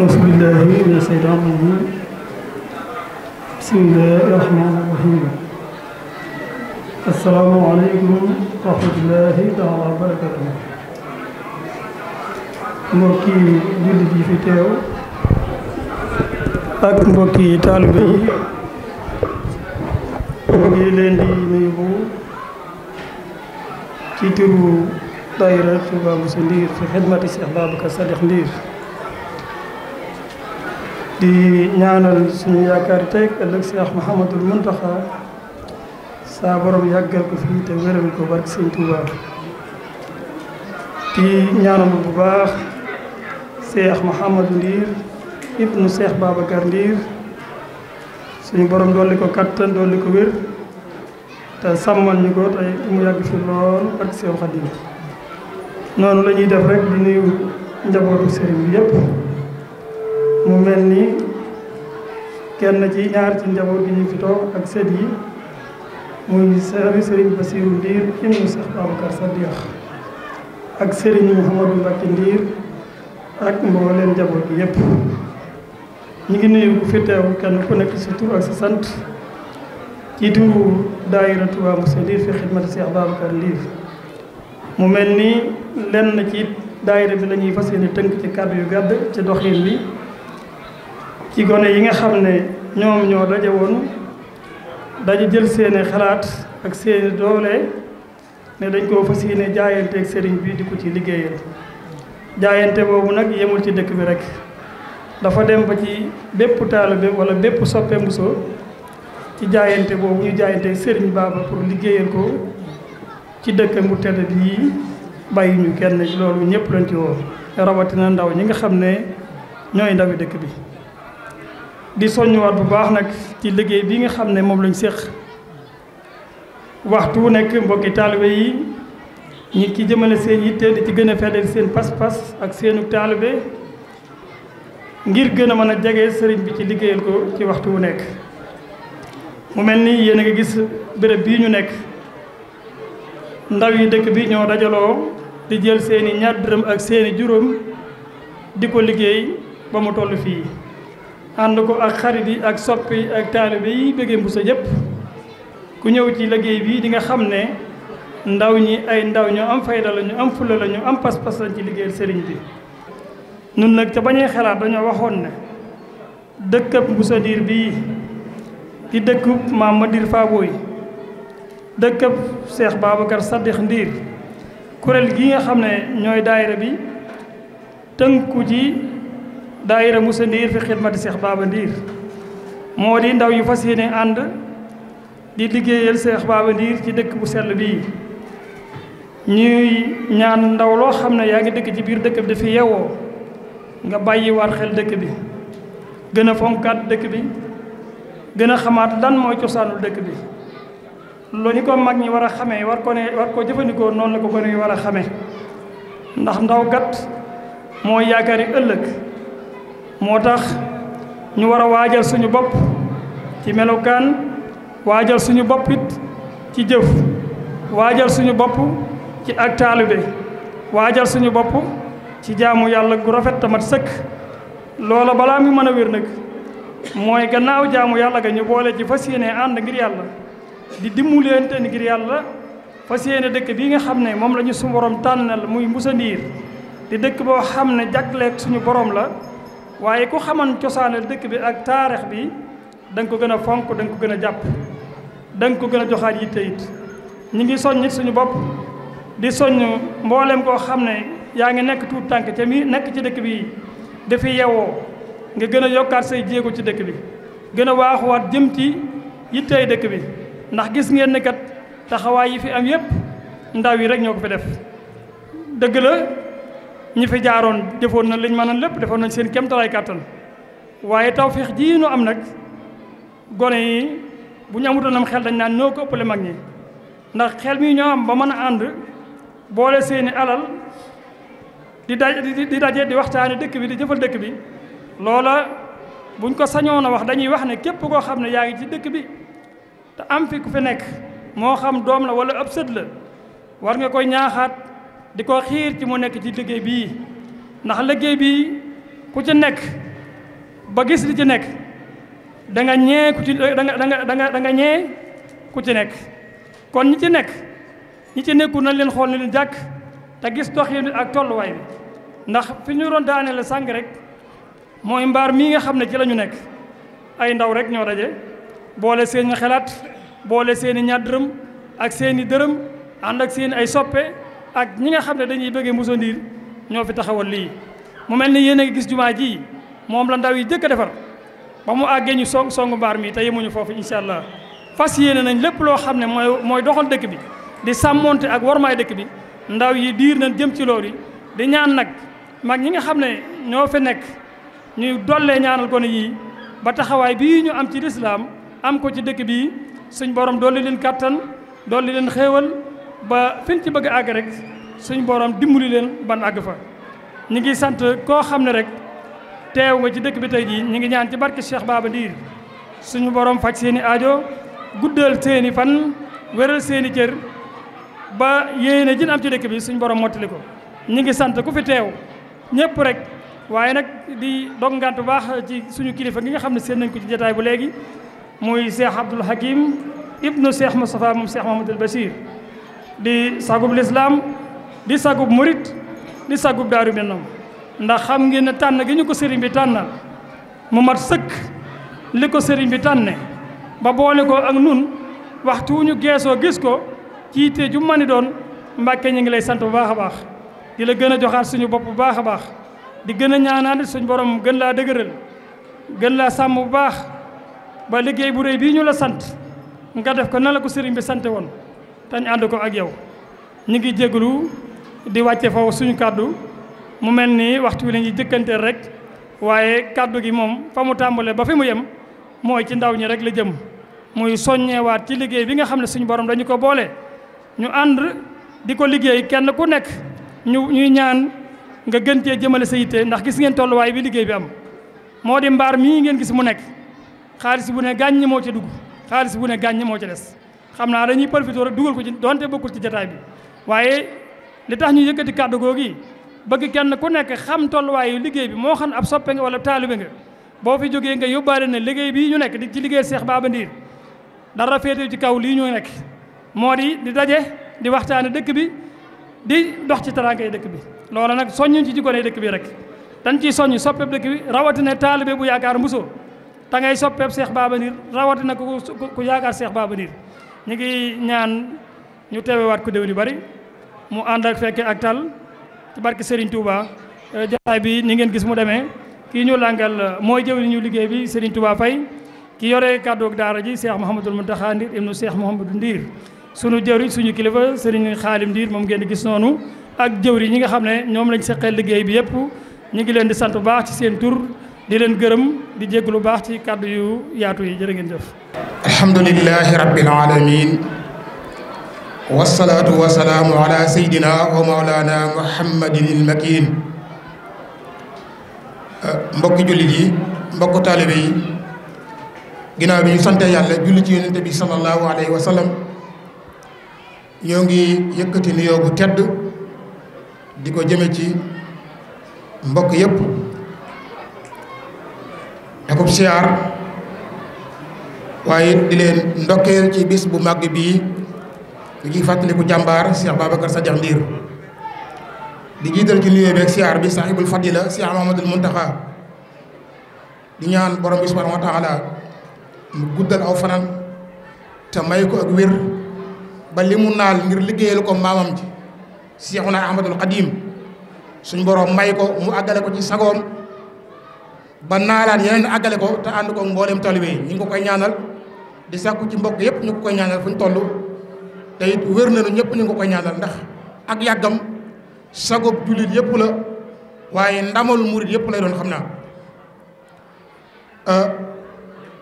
أعوذ بالله من الشيطان الرجيم بسم الله الرحمن الرحيم السلام عليكم ورحمة الله تعالى وبركاته mbokki jullit yi fi teew ak mbokki taalibe yi ñu ngi leen di nuyu bu ci turu daayira Touba Moussa Ndir fi xidmati Cheikh Babacar Sadikh Ndir di ñaanal suñu yaakaar tey ëllëg Cheikh Mouhamadul Mountakha saa borom yàggal ko fii te wéral ko barke Sëñ Tuubaa di ñaanal bu baax Cheikh Mouhamadou Ndiir ibnu Cheikh Babacar Ndiir suñu borom dolli ko kattan dolli ko wér te sàmmal ñu ko tey mu yàgg fi lool ak Seex Xaadim noonu lañuy ñuy def rek di nuyu njabootu sëriñ bi yëpp. mu mel nii kenn ci ñaar njaboot gi ñu fi toog ak sët yi muy sëriñ sëriñ Basiru Ndiir ak sëriñ Mouhamadou ak mbooleen njaboot gi yépp ñu ngi nuyu ku fi kenn ku nekk sa ak sant ci turu daayira Touba fi xidmati Seex Babacar Ndiir mu mel ni lenn ci daayira bi la ñuy fas tënk ci kàddu yu gàdd ci doxin bi ci gone yi nga xam ne ñoom ñoo daje woon dañu jël seeni xalaat ak seeni doole ne dañ koo fas yéene jaayante ak sëriñ bi di ko ci liggéeyal jaayante boobu nag yemul ci dëkk bi rek dafa dem ba ci bépp be wala bépp soppe Mbuso ci jaayante boobu ñu jaayante sëriñ Baba pour liggéeyal ko ci dëkk mu tedd bii bàyyi ñu kenn loolu ñëpp lañ ci woo rawatina ndaw ñi nga xam ne ñooy ndawi dëkk bi di soññuwaat bu baax nag ci liggéey bi nga xam ne moom lañu séq waxtu wu nekk mbokki taalibe yi ñi ci jëmale seen yitte di ci gën a feddal seen pas-pas ak seenu taalibe ngir gën a mën a jege sëriñ bi ci liggéeyal ko ci waxtu wu nekk mu mel ni yéen a nga gis bërëb bii ñu nekk ndaw yi dëkk bi ñoo dajaloo di jël seeni ñaar dërëm ak seeni juróom di ko liggéey ba mu toll fii ànd ko ak xarit yi ak sopp yi ak taalibe yi bëggee Mbuso yëpp ku ñëw ci liggéey bii di nga xam ne ndaw ñi ay ndaw ñu am fayda la ñu am fula la ñu am pas-pas lañ ci liggéeyal sëriñ bi nun nag ca bañee xalaat dañoo waxoon ne dëkkab Mbuso Diir bii di dëkkub maam ma Diir Faboy dëkkab Cheikh Babacar Sadikh Ndiir kuréel gi nga xam ne ñooy daayira bi tënku ci daayira Moussa Ndir fi xidmati Seex Baaba Ndir moo di ndaw yu fas yéene ànd di liggéeyal Seex Baaba Ndir ci dëkk bu sell bii ñuy ñaan ndaw loo xam ne yaa ngi dëkk ci biir dëkk bi dafi yeewoo nga bàyyi war xel dëkk bi gën a fonkaat dëkk bi gën a xamaat lan mooy cosaanul dëkk bi loo ñu ko mag ñi war a xame war ko ne war ko jëfandikoo noonu la ko gone yi war a xamee ndax ndaw gat mooy yaakaari ëllëg moo tax ñu war a waajal suñu bopp ci melokaan waajal suñu boppit ci jëf waajal suñu bopp ci ak taalibe waajal suñu bopp ci jaamu yàlla gu rafet tamat sëkk loola balaa mu mën a wér nag mooy gannaaw jaamu yàlla ga ñu boole ci fas yéene ànd ngir yàlla di dimbuleente ngir yàlla fas yéene dëkk bi nga xam ne moom lañu ñu suñu borom tànnal muy Moussa Ndir di dëkk boo xam ne jagleek suñu borom la waaye ku xaman cosaanal dëkk bi ak taarix bi da nga ko gën a fonk da ko gën a jàpp da nga ko gën a joxaat yitte it ñu ngi soññ it suñu bopp di soññ mboolem koo xam ne yaa ngi nekk tuut tànk ca mi nekk ci dëkk bi dafi yewoo nga gën a yokkaat say jéego ci dëkk bi gën a waaxuwaat jëm ci yittey dëkk bi ndax gis ngeen ne kat taxawaay yi fi am yépp ndaw yi rek ñoo ko fi def dëgg la ñi fi jaaroon defoon nañ liñ mënoon lépp defoon nañ seen kéemtalaay kàttan waaye tawféex ji ñu am nag gone yi bu ñu amutoon am xel dañ naan ñoo ko ëppale mag ñi ndax xel mi ñoo am ba mën a ànd boole seeni alal di daj di daje di waxtaane dëkk bi di jëfal dëkk bi loola buñ ko sañoon a wax dañuy wax ne képp koo xam ne yaa ngi ci dëkk bi te am fi ku fi nekk moo xam doom la wala ab sët la war nga koy ñaaxaat di ko xiir ci mu nekk ci liggéey bii ndax liggéey bii ku ci nekk ba gis li ci nekk danga nga ñee ku ci da nga da nga da nga ñee ku ci nekk kon ñi ci nekk ñi ci nekku nañ leen xool ne leen jàkk te gis doxin ak tolluwaay bi ndax fi ñu doon daane sàng rek mooy mbaar mii nga xam ne ci lañu nekk ay ndaw rek ñoo daje boole seeni xalaat boole seeni ñaar ak seeni dërëm ànd ak seeni ay soppe ak ñi nga xam ne dañuy bëggee Moussa Ndir ñoo fi taxawal lii mu mel ni yéen a ngi gis jumaa ji moom la ndaw yi jëkk a defar ba mu àggee ñu song songu mbaar mii te yemuñu foofu incha allah fas yéene nañ lépp loo xam ne mooy mooy doxal dëkk bi di sàmmonte ak warmaay dëkk bi ndaw yi diir na jëm ci loolu di ñaan nag mag ñi nga xam ne ñoo fi nekk ñu dollee ñaanal gone yii ba taxawaay bii ñu am ci lislaam am ko ci dëkk bii suñ borom dolli leen kàttan dolli leen xéewal ba fiñ ci bëgg a àgg rek suñ borom dimbali leen ban àgg fa ñu ngi sant koo xam ne rek teew nga ci dëkk bi tey jii ñu ngi ñaan ci barke Cheikh Baba Ndiir suñu borom faj seeni i aajo guddal seen fan wéral seeni i cër ba yéene jin am ci dëkk bi suñu borom mottali ko ñi ngi sant ku fi teew ñëpp rek waaye nag di dog ngant bu baax ci suñu kilifa gi nga xam ne seen nañ ko ci jataay bu léegi muy Cheikh Abdoul Hakim ibnu Cheikh Moustapha moom Cheikh Mahamadoul Bachir di sagub lislaam di sagub murit di sagub daaru minam ndax xam ngeen ne tànn gi ñu ko sëriñ bi tànnal mu mat sëkk li ko sëriñ bi tànne ba boole ko ak nun waxtu wu ñu geesoo gis ko ciite ju mani doon mbàkke ñu ngi lay sant bu baax a baax di la gën a joxaat suñu bopp bu baax a baax di gën a ñaanaat suñu borom gën laa dëgëral gën laa sàmm bu baax ba liggéey bu réy bii ñu la sant nga def ko na la ko sëriñ bi sante woon tañ ànd ko ak yow ñu ngi jéglu di wàcce faw suñu kàddu mu mel ni waxtu wi la jëkkanteel rek waaye kàddu gi moom fa mu tàmbalee ba fi mu yem mooy ci ndaw ñi rek la jëm muy soññewaat ci liggéey bi nga xam ne suñu borom dañu ko boolee ñu ànd di ko liggéey kenn ku nekk ñu ñuy ñaan nga gën cee jëmale sa yitte ndax gis ngeen tolluwaay bi liggéey bi am moo di mbaar mii ngeen gis mu nekk xaalis bu ne gàññi moo ci dugg xaalis bu ne gàññi moo ci des xam naa dañuy profité rek dugal ko ci donte bokkul ci jataay bi waaye li tax ñu yëkkati kàddu googi bëgg kenn ku nekk xam tolluwaayu liggéey bi moo xam ab soppe nga wala taalibe nga boo fi jógee nga yóbbaale ne liggéey bii ñu nekk di ci liggéey Seex Baaba Ndiir dara féete ci kaw lii ñu nekk moo di di daje di waxtaane dëkk bi di dox ci tarankay dëkk bi loolu nag soññu ci jikko ne dëkk bi rek dañ ciy soññ soppeeb dëkk bi rawatina taalibe bu yaakaar mbusoo ta ngay soppeeb Seex Baaba Ndiir rawatina ku yaakaar Seex Baaba Ndiir ñu ngi ñaan ñu waat ko déwén yu bari mu ànd ak fekke ak tal ci barke Serigne Touba euh, jotaay bi ni ngeen gis mu demee kii ñu làngal euh, mooy jëwri ñu liggéey bi Serigne Touba Faye ki yore kàddu ak daara ji Cheikh Mouhamadul Mountakha Ndir ibnu Cheikh Mouhamadou Ndir sunu jëwri suñu kilifa Serigne Xaalim Ndir moom ngeen di gis noonu ak jëwri ñi nga xam ne ñoom lañ seqal liggéey bi yëpp ñu ngi leen di sant bu baax ci seen tur di leen gërëm di jégg lu baax ci kàddu yu yaatu yi jërë ngeen jëf alhamdulilahi rabbil alamin wasalaatu wasalaamu ala sayidina wa maulana muhammadin mbokki jullit yi mbokk taalibe yi ginnaaw bi ñu sante yàlla julli ci yonente bi salallahu alayhi wa sallam ñoo ngi yëkkati nuyoo bu tedd di ko jëme ci mbokk yépp akub siyaar waaye di leen ndokkeel ci bis bu màgg bii di ciy fàttaliku jàmbaar Cheikh Babacar Sadikh Ndir di jiital ci nuyoo beeg siyaar bi sahibul fadila Cheikh Mahamadul Muntaxa di ñaan borom bi subhanahu wa taala mu guddal aw fanan te may ko ak wér ba li mu naal ngir liggéeyal ko maamam ji Cheikhuna Ahmadul Xadim suñ borom may ko mu àggale ko ci sagoom ba naalaan yenn àggale ko te ànd ko mbooleem taalibe yi ñu ngi ko koy ñaanal di sàkku ci mbokk yëpp ñu ngi ko koy ñaanal fu ñu toll te wér nañu ñëpp ñu ngi ko koy ñaanal ndax ak yàggam sagob jullit yëpp la waaye ndamal murit yëpp lay doon xam naa euh,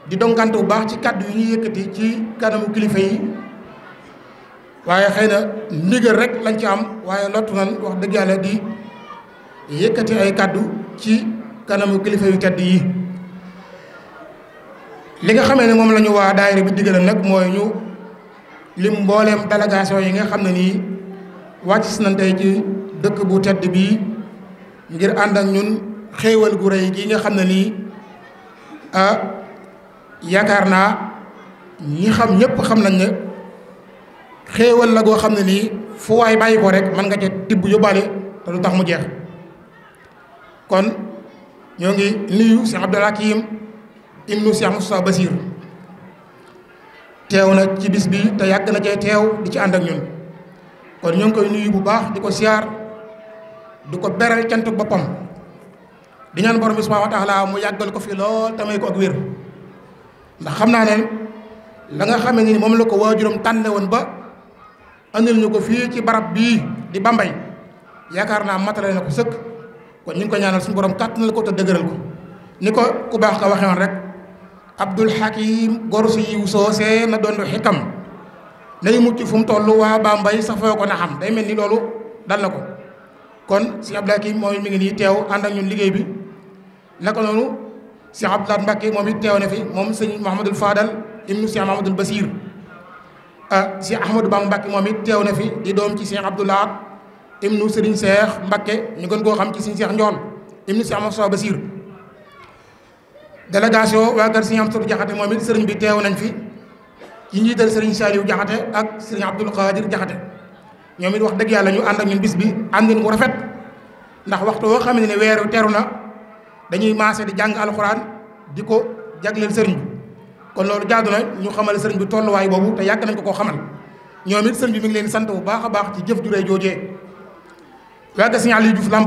di donkante bu baax ci kàddu yi ñuy yëkkati ci kanamu kilifa yi waaye xëy na ndigal rek lañ ci am waaye lottu nan wax dëgg yàlla di yëkkati ay kàddu ci kanamu kilifa yu tedd yi li nga xamee ne moom lañu waa daayira bi digale nag mooy ñu lim mbooleem délégation yi nga xam ne nii wàcc si nañ tey ci dëkk bu tedd bii ngir ànd ak ñun xéewal gu rëy gi nga xam ne nii a yaakaar naa ñi xam ñëpp xam nañ ne xéewal la goo xam ne nii fu waay bàyyi ko rek mën nga ca tibb yóbbaale te lu tax mu jeex kon ñoo ngi nuyu Cheikh Abdou Hakim ibnu Cheikh Moustapha Basir teew na ci bis bi te yàgg na cee teew di ci ànd ak ñun kon ñoo ngi koy nuyu bu baax di ko siyaar di ko beral cantuk boppam di ñaan borom bi subhanahu wa taala mu yàggal ko fii lool te ko ak wér ndax xam naa ne la nga xamee ni moom la ko waajuram tànne woon ba andil ñu ko fii ci barab bii di bambay yaakaar naa matale na ko sëkk kon ñu ngi ko ñaanal suñu borom kàttanal ko te dëgëral ko ni ko ku baax ka waxee woon rek Abdul Hakim gor su yiw soosee na doon xikam nay mucc fu mu toll waa Bambey sax foo ko na xam day mel ni loolu dal na ko kon si Abdul Hakim moom mi ngi nii teew ànd ak ñun liggéey bi naka noonu si Abdoulaye Mbacke moom it teew na fi moom sëñ Mouhamadul Fadal ibnu si Mouhamadul Basir ah si Ahmadou Bamba mbaki moom it teew na fi di doom ci si sëñ Abdoulaye. ibnu Serigne Cheikh Mbakke ñu gën koo xam ci Serigne Cheikh Njoon ibnu Cheikh Moussa Basir délégation waa kër Serigne Amsatu Jaxate moom it Serigne bi teew nañ fi ci njiital Serigne Saliou Jaxate ak Serigne Abdoul Khadir Jaxate ñoom it wax dëgg yàlla ñu ànd ak ñu bis bi àndin wu rafet ndax waxtu woo xam ne weer wi teru na dañuy maase di jàng alxuraan di ko jagleel sëriñ bi kon loolu jaadu na ñu xamal sëriñ bi tolluwaay boobu te yàgg nañ ko koo xamal ñoom it sëriñ bi mi ngi leen sant bu baax a baax ci jëf juree joojee waa ga sëñ Aliou Diouf ñoom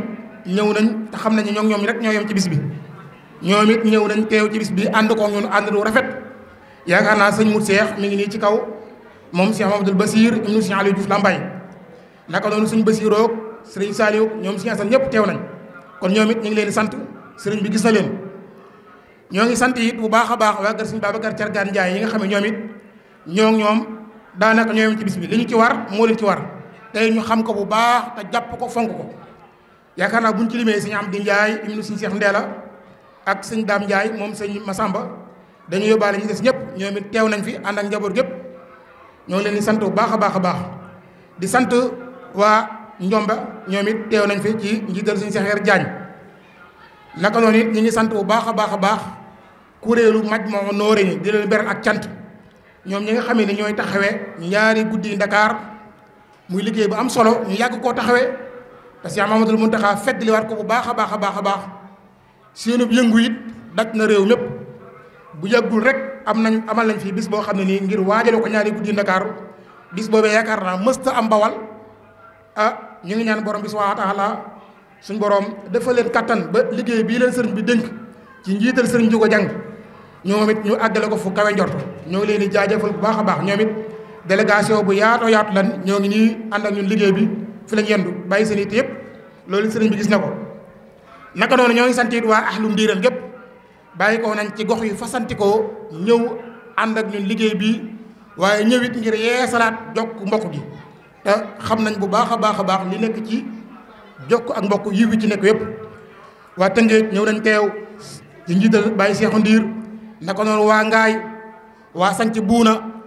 it ñëw nañ te xam nañ ñoom ñoom rek ñoo yem ci bis bi ñoom it ñëw nañ teew ci bi ànd ko ñun ànd du rafet yaakaar naa sëñ Mout Seex mi ngi nii ci kaw moom sëñ Mamadou Basir ibnu sëñ Aliou Diouf Lambaye naka noonu sëñ Basiroog sëriñ Saliou ñoom sëñ Assane ñëpp teew nañ kon ñoom it ñu ngi leen di sant sëriñ bi gis na leen ñoo ngi sant bu baax a baax waa kër sëñ Babacar Cargaan Ndiaye yi nga xam ne ñoom it ñoo ñoom daanaka ñoo yem ci bis bi li ñu ci war moo leen ci war tey ñu xam ko bu baax te jàpp ko fonk ko yaakaar naa buñ ci limee am Amdi Njaay ibnu sëñ Seex Ndeela ak sëñ Daam Njaay moom sëñ sàmba dañu yóbbaale ñu des ñëpp ñoom teew nañ fi ànd njaboot gépp ñoo leen di sant bu baax a baax a baax di sant waa Njomba ñoom it teew nañ fi ci njiital sëñ Seex Yar Jaañ naka noonu it ñu sant bu baax a baax a baax kuréelu Majmahun Nurayni di leen beral ak cant ñoom ñi nga xamee ni ñooy taxawee ñaari guddi Ndakaar muy liggéey bu am solo ñu yàgg koo taxawee mun Cheikh fedd Mountakha feddliwaat ko bu baax a baax a baax a baax bu yëngu yit daj na réew mépp bu yàggul rek am nañ amal nañ fii bis boo xam ne nii ngir waajale ko ñaari guddi Ndakaaru bis boobee yaakaar naa mësta am bawal ah ñu ngi ñaan borom bi subhaanahu wa taala suñ borom dafa leen kattan ba liggéey bii leen sëriñ bi dénk ci njiital sëriñ Juga jàng ñoom it ñu àggale ko fu kawe njort ñoo ngi leen di jaajëfal bu baax a baax ñoom délégation bu yaatoo yaatu lan ñoo ngi nii ànd ak liggéey bi fi lañ yendu bàyyi seen it yëpp loolu sëriñ gis na ko naka noonu ñoo ngi sant it waa ahlu ndiiran gépp bàyyi ko nañ ci gox yu fasantikoo ñëw ànd ak liggéey bi waaye ñëw it ngir yeesalaat jokk mbokk gi te xam nañ bu baax a baax a baax li nekk ci jokk ak mbokk yi wi ci nekk yëpp waa Tëngéej ñëw nañ teew di njiital bàyyi seexu ndiir naka noonu waa ngaay waa sanc buuna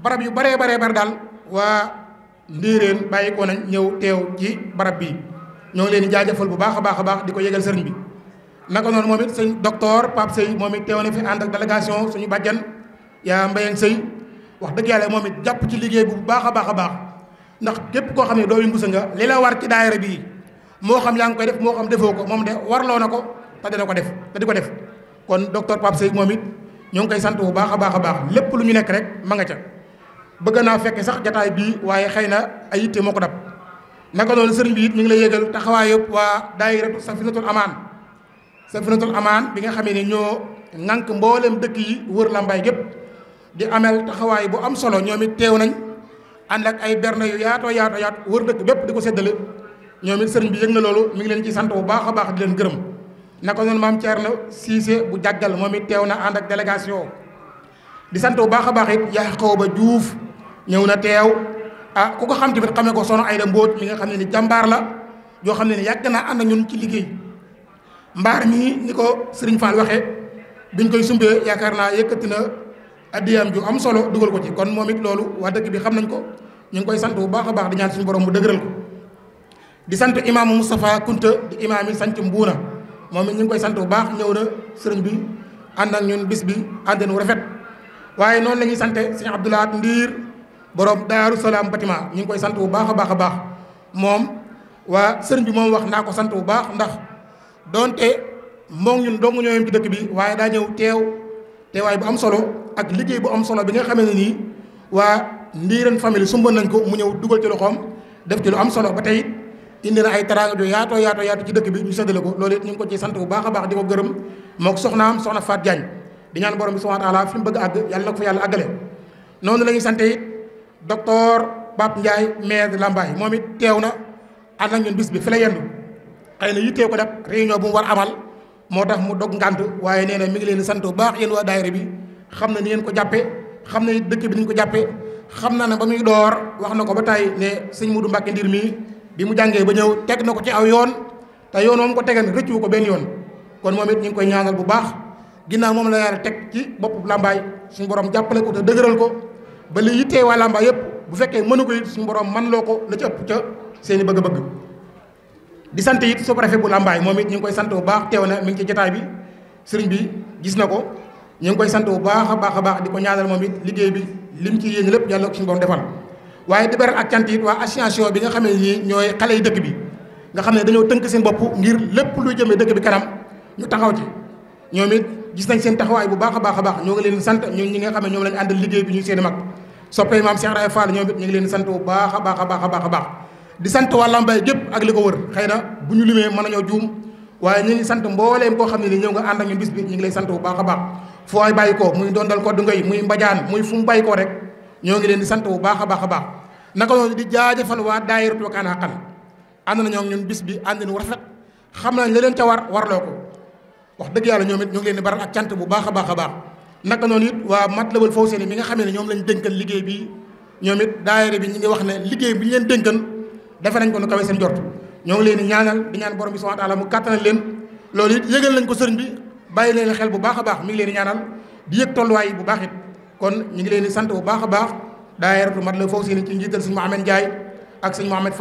barab yu baree baree bari daal waa ndiiréen bàyyi ko nañ ñëw teew ci barab bii ñoo leen di jaajëfal bu baax a baax a baax di ko yëgal sëriñ bi naka noonu moom it sëñ docteur Pape Seye moom it teew na fi ànd ak suñu bàjjan yaa Mbayang Seye wax dëgg yàlla moom it jàpp ci liggéey bi bu baax a baax a baax ndax képp koo xam ne doomi mbusa nga li la war ci daayira bii moo xam yaa ngi def moo xam defoo ko moom de warloo na ko te ko def di ko def kon docteur Pape moom it ñoo ngi koy sant bu baax a baax a baax lépp lu ñu nekk rek ma nga ca bëgg naa fekke sax jataay bii waaye xëy na ay yitte moo ko dab naka noonu sëriñ bi it ñu ngi lay yëgal taxawaay yëpp waa daayiratu safinatul amaan safinatul amaan bi nga xamee ni ñoo ŋànk mboolem dëkk yi wër na Lambaye gépp di ameel taxawaay bu am solo ñoom it teew nañ ànd ak ay berne yu yaatoo yaato yaat wër dëkk bépp di ko seddale ñoom it sëriñ bi yëg na loolu mi ngi leen ci sant bu baax a baax di leen gërëm naka noonu maam Thierno Cissé bu jàggal moom it na ànd ak sant bu baax a baax it Yaxooba Juuf ñëw na teew a ah, ku ko xam tamit xamee ko sono da Mbóot mi nga xam ne ni jàmbaar la yoo xam ne ni yàgg naa ànd ñun ci liggéey mbaar mii ni ko sëriñ Fall waxee biñ koy sumbee yaakaar naa yëkkati na addiyaam ju am solo dugal ko ci kon moom it loolu waa dëkk bi xam nañ ko ñu ngi koy sant bu baax a baax di ñaan suñ borom mu dëgëral ko di sant imaamu Moustapha Kunta di imaam yi sant Mbuuna moom it ñu koy sant bu baax ñëw na sëriñ bi ànd ak ñun bis bi ànd na rafet waaye noonu la ñuy borom daaru salaam bâtiment ñu ngi koy sant bu baax a baax a baax moom waa sëriñ bi moom wax naa ko sant bu baax ndax donte moom ñun dong ñoo yem ci dëkk bi waaye daa ñëw teew teewaay bu am solo ak liggéey bu am solo bi nga xamee ne nii waa ndiiran famille sumba nañ ko mu ñëw dugal ci loxoom def ci lu am solo ba tey indi na ay teraanga ju yaatoo yaato yaatu ci dëkk bi ñu séddale ko loolu it ñu ngi ko ci sant bu baax a baax di ko gërëm mook soxnaam soxna Faat Jaañ di ñaan borom bi subhaana taala fi mu bëgg àgg yàlla ko yàlla àggale docteur Pape Ndiaye maire de Lambaye moom it teew na ànd ak ñun bis bi fi la yendu xëy na yittee ko nag réunion bu mu war amal moo tax mu dog ngànt waaye nee na mi ngi leen di sant bu baax yéen waa daayira bi xam na ni ngeen ko jàppee xam na dëkk bi ni ñu ko jàppee xam na ne ba muy door wax na ko ba tey ne sëñ Moudou Mbacke mii bi mu jàngee ba ñëw teg na ko ci aw yoon te yoon moom ko tegeen rëccu ko benn yoon kon moom it ñu ngi koy ñaanal bu baax ginnaaw moom la a teg ci boppu Lambaye suñu borom jàppale ko te dëgëral ko ba li yittee waa làmba yëpp bu fekkee mënu ko it suñu borom man loo ko la ci ëpp ca seen i bëgg-bëgg di sant it sous-préfet bu làmbaay moom it ñu ngi koy sant bu baax teew na mi ngi ci jotaay bi sëriñ bi gis na ko ñu ngi koy sant bu baax a baax a baax di ko ñaanal moom it liggéey bi lim ci yéene lépp yàlla ko suñu borom defal waaye di beral ak cant it waa association bi nga xamee ni ñooy xale yi dëkk bi nga xam ne dañoo tënk seen mbopp ngir lépp luy jëmee dëkk bi kanam ñu taxaw ci ñoom gis nañ seen taxawaay bu baax a baax a baax ñoo ngi leen sant ñoom ñi nga xam ñoom lañ àndal liggéey bi ñu seen mag soppee maam Cheikh Raye ñoom it ñu ngi leen sant bu baax a baax a baax a baax a baax di ko xëy na bu ñu limee mën nañoo juum waaye ñu ni sant mboolee koo xam ne ni ñëw nga ànd ak ñun bis bi ñu ngi lay sant bu baax a baax foo ay bàyyi ko muy dondal ko du ngoy muy mbajaan mu bàyyi ko rek ñoo ngi leen di sant bu baax a baax a baax naka noonu di jaajëfal waa daayiratu Wakana Haqqan ànd nañoo ñun bis bi ànd nu rafet xam na la leen ca war warloo ko wax dëgg yàlla ñoom it ñu ngi leen di baral ak cant bu baax a baax a baax naka noonu it waa Matlabul Fawzayni mi nga xamee ne ñoom lañ dénkan liggéey bi ñoom it bi ñu ngi wax ne liggéey bi ñu leen dénkan defe nañ ko nu kawe seen jort ñoo ngi leen di ñaanal di ñaan borom bi subhanahu wa taala mu kàttanal leen loolu it yëgal nañ ko sëriñ bi bàyyi leen xel bu baax a baax mi ngi leen di ñaanal di yëg tolluwaay bu baax it kon ñu ngi leen di sant bu baax a baax daayiratu Matlabul Fawzayni ci njiital sëñ Mohamed Ndiaye ak sëñ Mohamed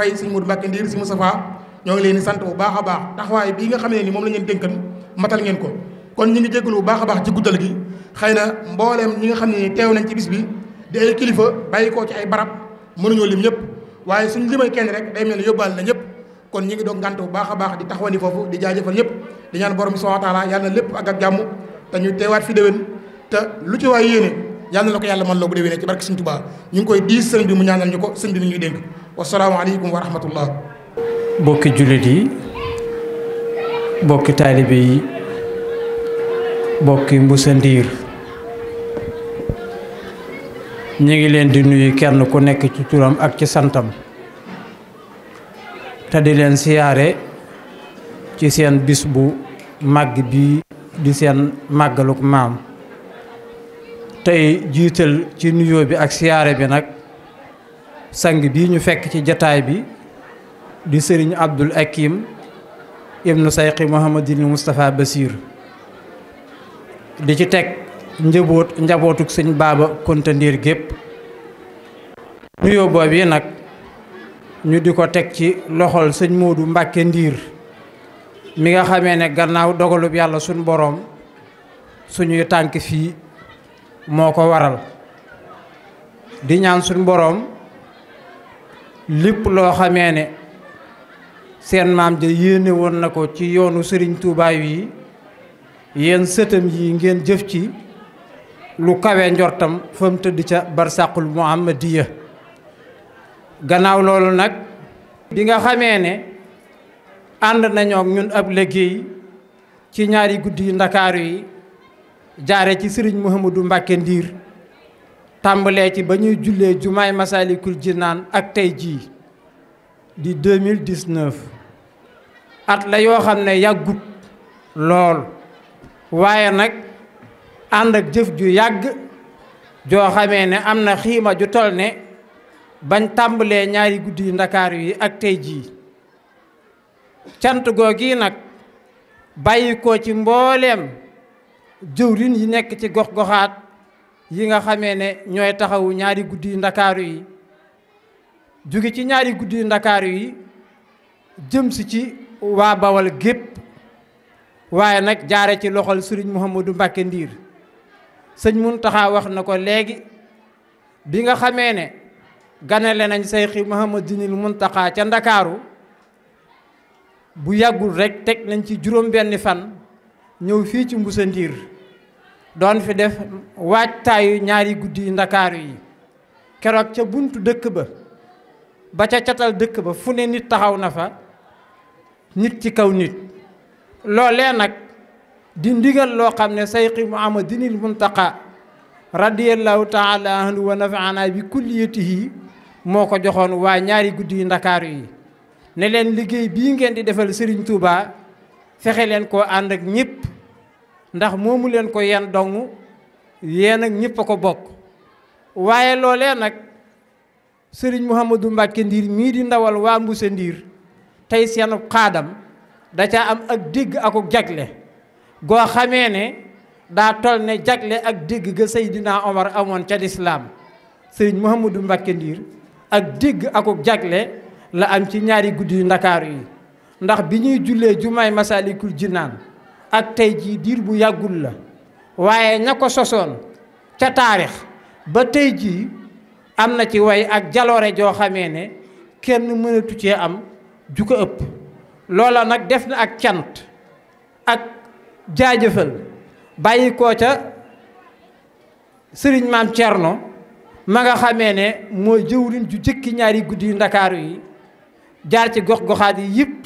ñoo ngi leen bu baax a baax taxawaay bii nga xamee ni moom la ngeen dénkan matal ngeen ko kon ñi ngi jégalu bu baax baax ci guddal gi xëy na mbooleem ñi nga xam ne teew nañ ci bis bi di ay kilifa bàyyi koo ci ay barab mënuñoo lim ñëpp waaye suñ limay kenn rek day mel ne na ñëpp kon ñu ngi doon ngànt bu baax a baax di taxawandi foofu di jaajëfal ñëpp di ñaan borom bi subhaanahu wa taala yàlla na lépp ak ak jàmm te ñu teewaat fi déwén te lu ci waay yéene yàlla na la ko yàlla man loo bu déwénee ci barke Sëñ Tuubaa ñu ngi koy diis sëñ bi mu ñaanal ñu ko sëñ bi mi ñuy dénk wa rahmatullah mbokki jullit yi bokki taalibe yi bokki Mbuusa Ndiir ñu ngi leen di nuyu kenn ku nekk ci turam ak ci santam te di leen siyaare ci seen bis bu màgg bi di seen màggaluk maam tey jiital ci nuyoo bi ak siyaare bi nag sang bi ñu fekk ci jataay bi di sëriñ Abdul Hakim ibnu sayqi Mouhamadul Moustapha Bassir di ci teg njaboot njabootuk sëñ baaba Konte Ndiir gépp nuyoo boobu yi nag ñu di ko teg ci loxol sëñ Modou Mbacke Ndiir mi nga xamee ne gannaaw dogalub yàlla suñ boroom suñuy tànk fii moo ko waral di ñaan suñ boroom lépp loo xamee ne. seen maam ja yéene woon na ko ci yoonu sëriñ Touba yi yéen sëtam yi ngeen jëf ci lu kawe njortam fa mu tëdd ca barsàqul muhammadiya gannaaw loolu nag bi nga xamee ne ànd nañoo ak ñun ab liggéey ci ñaari guddi yu ndakaaru yi jaare ci sëriñ Mouhamadou Mbacke Ndiir tàmbalee ci ba ñuy jullee jumaay Masalikul Jinaan ak tey jii di 2019 at la yoo xam ne yàggut lool waaye nag ànd ak jëf ju yàgg joo xamee ne am na xiima ju tol ne bañ tàmbalee ñaari guddi yu ndakaaru yi ak tey jii cant googi nag bàyyi ko ci mbooleem jëwrin yi nekk ci gox-goxaat yi nga xamee ne ñooy taxawu ñaari guddi yu ndakaaru yi jóge ci ñaari guddi yu ndakaaru yi jëm ci waa bawal gépp waaye nag jaare ci loxol sëriñ Mouhamadou Mbacke Ndiir sëñ Mountakha wax na ko léegi bi nga xamee ne ganale nañ Seyxi Mouhamadinil Mountakha ca Ndakaaru bu yàggul rekk teg nañ ci juróom benn fan ñëw fii ci Mbusa Ndiir doon fi def waajtaayu ñaari guddi yu Ndakaaru yi keroog ca buntu dëkk ba ba ca catal dëkk ba fu ne nit taxaw na fa nit ci kaw nit loolee nag di ndigal loo xam ne sayqi muhammadinil muntaqa radiyallahu taala anhu wa nafaana bi yi moo ko joxoon waa ñaari guddi yu ndakaaru yi ne leen liggéey bii ngeen di defal sëriñ Touba fexe leen ko ànd ak ñëpp ndax moomu leen ko yen dong yéen ak ñëpp a ko bokk waaye loole nag sëriñ mu Serigne Mouhamadou Mbacke Ndiir mii di ndawal waa Mbousse Ndiir tey seenu xaadam da ca am ak digg aku jagle goo xamee ne daa toll ne jagle ak digg ga Seydina Omar amoon ca lislaam sëriñ Mouhamadou Mbacké Ndiir ak digg aku jagle la am ci ñaari guddi yu ndakaaru yi ndax bi ñuy jullee jumaay Masaalikul Jinaan ak tey jii diir bu yàggul la waaye ña ko sosoon ca taarix ba tey ji am na ci way ak jaloore joo xamee ne kenn mënatu cee am ju ko ëpp loola nag def na ak cant ak jaajëfal bàyyi koo ca sëriñ maam Thierno ma nga xamee ne mooy jëwriñ ju jëkki ñaari guddi yu ndakaaru yi jaar ci gox goxaat yi yëpp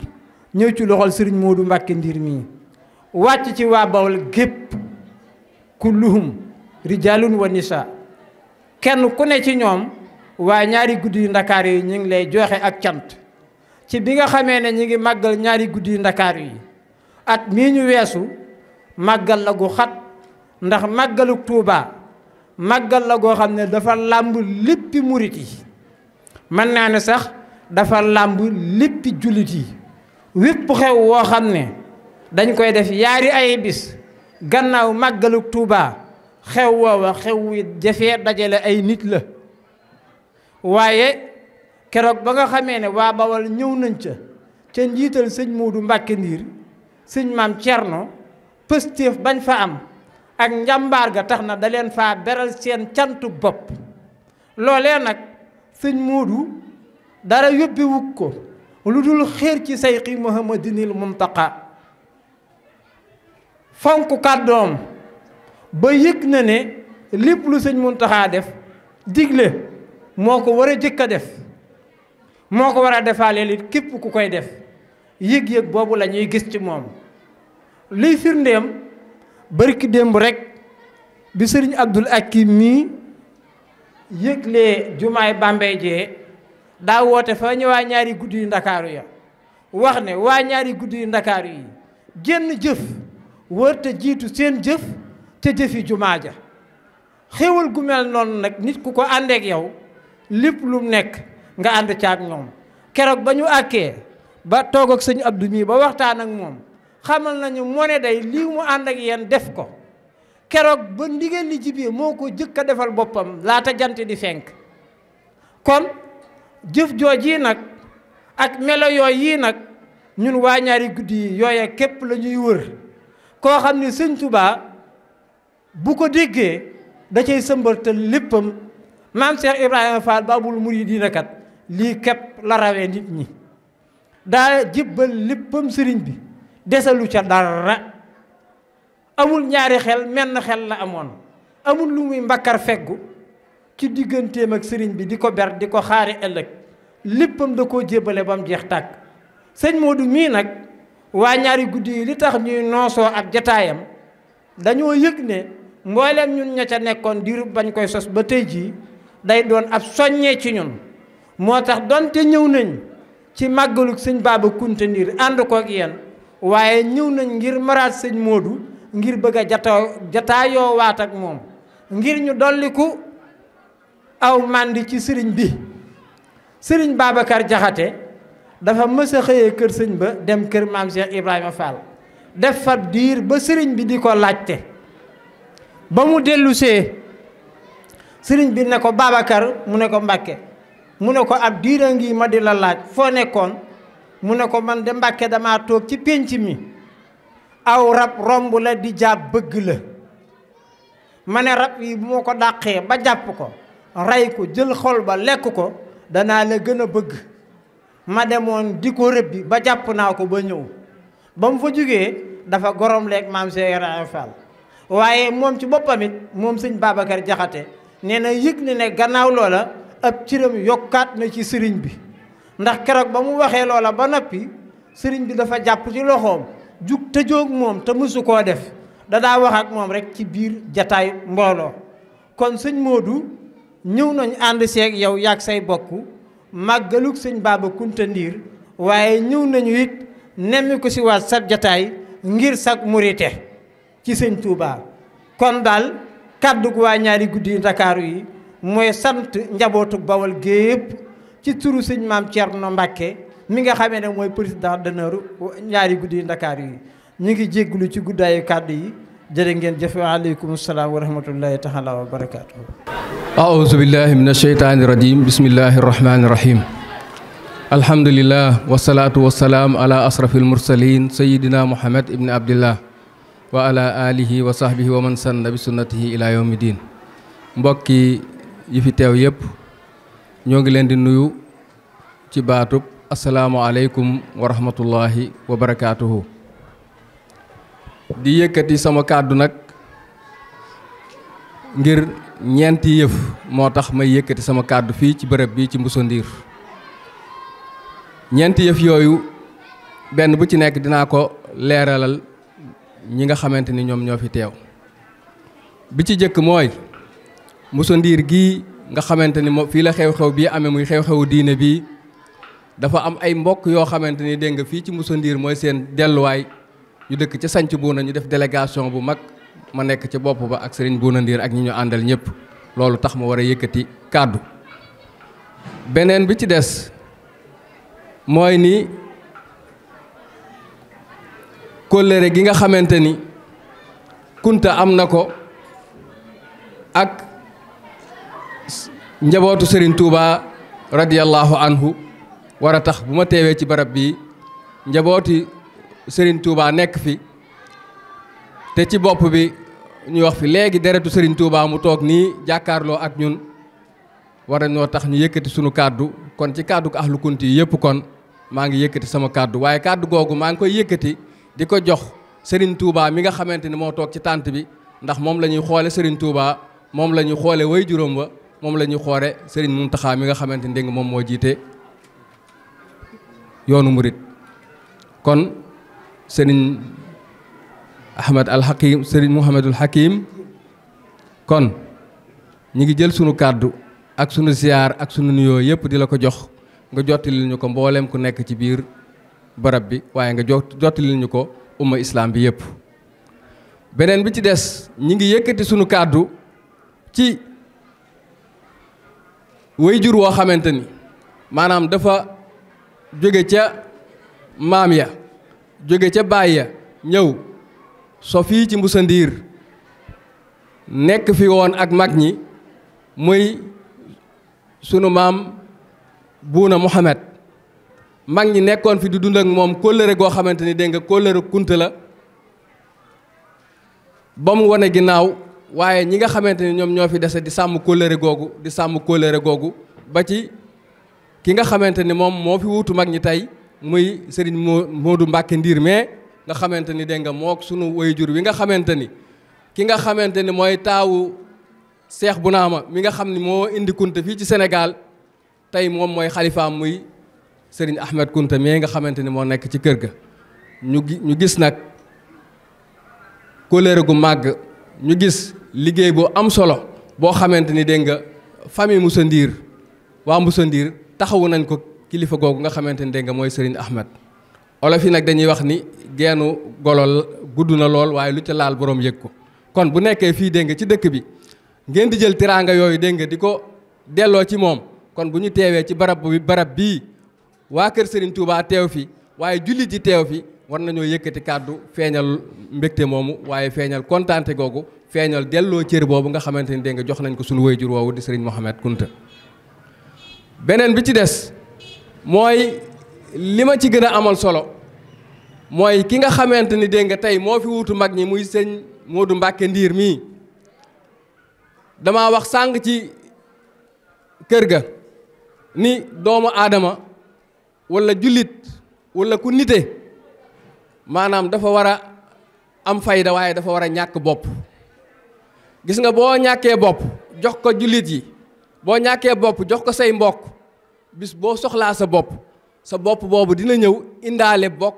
ñëw ci loxol sëriñ Modou Mbacke Ndir mii wàcc ci waa Bawol gépp kulluhum rijalun wa nisa kenn ku ne ci ñoom waa ñaari guddi yu ndakaar yi ñu ngi lay joxe ak cant ci bi nga xamee ne ñi ngi màggal ñaari guddi yu ndakaaru yi at mii ñu weesu màggal la gu xat ndax màggalu Tuubaa màggal la goo xam ne dafa làmb léppi murit yi mën naa ne sax dafa làmb léppi jullit yi wépp xew woo xam ne dañ koy def yaari ay bis gannaaw màggalu Tuubaa xew woowa xew wi jafe dajale ay nit la waaye keroog ba nga xamee ne waa bawal ñëw nañ ca ca njiital sëñ Moodu Mbàkke Ndiir sëñ maam Cerno pëstéef bañ fa am ak njàmbaar ga tax na da leen faa beral seen cantu bopp loole nag sëñ Moodu dara yóbbiwug ko lu dul xéer ci sayxi Muhammadinil Muntaqa fonk kàddoom ba yëg na ne lépp lu sëñ Muntaxa def digle moo ko war a jëkk a def moo ko war a defaaleel it képp ku koy def yëg-yëg boobu la ñuy gis ci moom liy firndeem bëriki démb rekk bi sëriñ Abdul Akim mii yëgle jumaay Bambey daa woote fa ñu waa ñaari guddi yu ndakaaru ya wax ne waa ñaari guddi yu ndakaaru yi genn jëf wër jiitu seen jëf ca jëfi jumaa ja xéwal gu mel noonu nag nit ku ko àndeek yow lépp lum nekk nga ànd caag ñoom keroog ba ñu àkkee ba toog ak sëñ Abdou mii ba waxtaan ak moom xamal nañu mu ne day lii mu ànd ak yenn def ko keroog ba ndigal li jibee moo ko jëkk a defal boppam laata jant di fenk kon jëf jooj yi nag ak melo yooy yi nag ñun waa ñaari guddi yi yooya képp lañuy wër koo xam ne sëñ Tuubaa bu ko déggee da cay sëmbartal léppam maam Cheikh Ibrahima Fall Baabul Muridiina kat lii képp la rawee nit ñi daa jibbal léppam sëriñ bi desalu ca dara amul ñaari xel menn xel la amoon amul lu muy mbakkar feggu ci digganteem ak sëriñ bi di ko ber di ko xaari ëllëg léppam da koo jébbale ba mu jeex tàkk sëñ Modou mii nag waa ñaari guddi yi li tax ñuy noosoo ak jataayam dañoo yëg ne mboolem ñun ña ca nekkoon diirub bañ koy sos ba tey jii day doon ab soññee ci ñun moo tax donte ñëw nañ ci màggalu sëñ baaba kunta ndiir ànd ko ak yéen waaye ñëw nañ ngir maraat sëñ moodu ngir bëgg jataayoo waat ak moom ngir ñu dolliku aw màndi ci sëriñ bi sëriñ Babacar Jaxate dafa mës a kër sëñ ba dem kër maam Cheikh Ibrahima Fall def fa diir ba sëriñ bi di ko laajte ba mu dellusee sëriñ bi ne ko Babacar mu ne ko Mbàkke mu ne ko ab diira ngi ma di la laaj foo nekkoon mu ne ko man de mbàkke dama toog ci pénc mi aw rab romb la di jàpp bëgg la ma ne rab yi moo ko dàqee ba jàpp ko rey ko jël xol ba lekk ko danaa la gën a bëgg ma demoon di ko rëbbi ba jàpp naa ko ba ñëw ba mu fa jógee dafa gorom leeg maam Cheikh Ibrahima waaye moom ci boppam it moom sëñ Babacar Jaxate nee na yëg ni ne gannaaw loola ab ciram yokkaat na ci sëriñ bi ndax keroog ba mu waxee loola ba noppi sëriñ bi dafa jàpp ci loxoom jug tëjook moom te mësu koo def da daa wax ak moom rekk ci biir jataay mbooloo kon sëñ Modou ñëw nañ ànd seeg yow yaag say bokk màggalug sëñ Baba Kunta Ndiir waaye ñëw nañu it nemmi ko si waat sab jataay ngir sag murite ci sëñ Touba kon daal kàddug waa ñaari guddi Ndakaaru yi mooy sant njabootu bawal gépp ci turu sëñ maam Thierno Mbacke mi nga xamee ne mooy président d'honneur ñaari guddi yu Ndakaar yi ñu ngi jégglu ci guddaayu kàddu yi jërë ngeen jëf waaleykum salaam wa rahmatullahi taala wa barakaatu. aouzu billahi min asheytaani rajim bismillahi rahmaani rahim. alhamdulillah wasalaatu wasalaam ala asrafil mursalin sayidina muhammad ibni abdillah wa ala alihi wa sahbihi wa man sanna bi sunnatihi yi fi teew yépp ñoo ngi leen di nuyu ci baatub asalaamualeykum wa rahmatullahi wa barakaatuhu. di yëkkati sama kàddu nag ngir ñeenti yëf moo tax may yëkkati sama kàddu fii ci bërëb bi ci Mbuso Ndiir ñeenti yëf yooyu benn bu ci nekk dinaa ko leeralal ñi nga xamante ni ñoom ñoo fi teew bi ci jëkk mooy. Moussa gii nga xamante ni moom fii la xew-xew bii amee muy xew-xewu diine bii dafa am ay mbokk yoo xamante ni dégg nga fii ci musandiir mooy seen delluwaay ñu dëkk ca sanc buuna ñu def délégation bu mag ma nekk ca bopp ba ak sëriñ Buuna Ndir ak ñi ñu àndal ñépp loolu tax ma war a yëkkati kàddu beneen bi ci des mooy ni kóllëre gi nga xamante ni kunta am na ko ak njabootu Serigne Touba radiyallahu anhu war a tax bu ma teewee ci barab bi njabooti sëriñ Touba nekk fi te ci bopp bi ñuy wax fi léegi deretu sëriñ Touba mu toog nii jàkkaarloo ak ñun war nañoo tax ñu yëkkati sunu kàddu kon ci kàddu ko Ahlu Kunti yi yëpp kon maa ngi yëkkati sama kàddu waaye kàddu googu maa ngi koy yëkkati di ko jox Serigne Touba mi nga xamante ni moo toog ci tànt bi ndax moom la ñuy xoole Serigne Touba moom la ñuy xoole way juróom wa moom la ñuy xoore Serigne Mountakha mi nga xamante ni dégg moom moo jiite yoonu murit kon Serigne Ahmed Al Hakim Serigne Mouhamadul Hakim kon ñi ngi jël sunu kàddu ak sunu ziar ak sunu nuyoo yëpp di la ko jox nga jottalil ñu ko mbooleem ku nekk ci biir barab bi waaye nga jottalil ñu ko umma islam bi yëpp beneen bi ci des ñi ngi yëkkati sunu kàddu ci. jur woo xamante ni maanaam dafa jóge ca maam ya jóge ca baay ya ñëw soo fii ci mbusa ndiir nekk fi woon ak mag ñi muy sunu maam buuna Muhammad mag ñi nekkoon fi di dund ak moom kóllëre goo xamante ni dégg nga kóllëre kunta la ba mu wane ginnaaw waaye ñi nga xamante ni ñoom ñoo fi dese di sàmm kóllëre googu di sàmm kóllëre googu ba ci ki nga xamante ni moom moo fi wutu mag ñi tey muy sëriñ Modou Mbacke Ndiir mais nga xamante ni dégg nga mook sunu wayjur wi nga xamante ni ki nga xamante ni mooy taawu Cheikh Bounama mi nga xam ni moo indi Kunta fii ci senegal tey moom mooy xalifaam muy sëriñ Ahmed Kunta mais nga xamante ni moo nekk ci kër ga ñu gi ñu gis nag kóllëre gu màgg ñu gis liggéey bu am solo boo xamante ni dégg nga famille Moussa Ndir waa Moussa taxawu nañ ko kilifa googu nga xamante ni dégg nga mooy Serigne Ahmed olof yi nag dañuy wax ni geenu golo gudd na lool waaye lu ca laal borom yëg ko kon bu nekkee fii dégg nga ci dëkk bi ngeen di jël tiraanga yooyu dégg nga di ko delloo ci moom kon bu ñu teewee ci barab bi barab bii waa kër Serigne tuubaa teew fi waaye jullit yi teew fi war nañoo yëkkati kàddu feeñal mbégte moomu waaye feeñal kontaante googu feeñal delloo cër boobu nga xamante ni dégg nga jox nañ ko suñu wayjur woowu di sëriñ Mouhamed Kunta beneen bi ci des mooy li ma ci gën a amal solo mooy ki nga xamante ni dégg nga tey moo fi wuutu mag ñi muy sëñ Modou Mbacke Ndiir mii dama wax sàng ci kër ga ni doomu aadama wala jullit wala ku nite maanaam dafa war a am fayda waaye dafa war a ñàkk bopp gis nga boo ñàkkee bopp jox ko jullit yi boo ñàkkee bopp jox ko say mbokk bis boo soxlaa sa bopp sa bopp boobu dina ñëw indaale bokk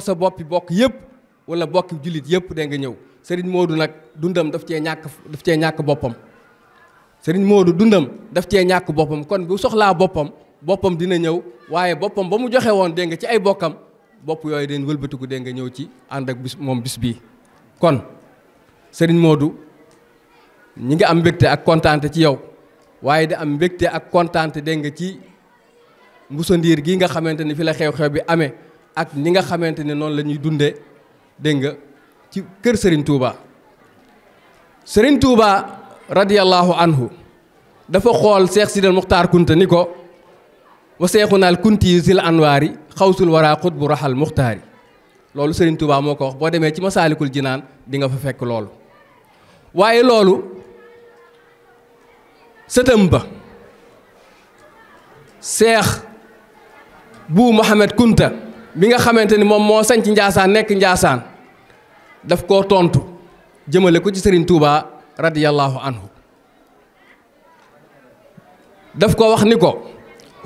sa boppi bokk yépp wala bokki jullit yépp da nga ñëw sëriñ moodu nag dundam daf cee ñàkk daf cee ñàkk boppam sëriñ moodu dundam daf cee ñàkk boppam kon bu soxlaa boppam boppam dina ñëw waaye boppam ba mu joxe woon dégg nga ci ay bokkam bopp yooyu dañ wëlbatiku de nga ñëw ci ànd ak bis moom bis bii kon sëriñ moodu ñi ngi am mbégte ak kontaante ci yow waaye di am mbégte ak kontaante dégg nga ci Mbuusa gi nga xamante ni fi la xew-xew bi amee ak ñi nga xamante ne noonu lañuy ñuy dundee dégg nga ci kër sëriñ Touba. sëriñ Touba radiyallahu anhu dafa xool Cheikh Sidal Muxtaar Kunta ni ko wa seexunaal kunti yu zil anwaari xawsul waraa xut bu raxal muxtaari loolu Serigne Touba moo ko wax boo demee ci masaalikul jinaan di nga fa fekk loolu waaye loolu sëtëm ba seex bu Mohamed Kunta bi nga xamante ni moom moo sañc Njaasaan nekk Njaasaan daf koo tontu jëmale ko ci Serigne Touba radiyallahu anhu daf ko wax ni ko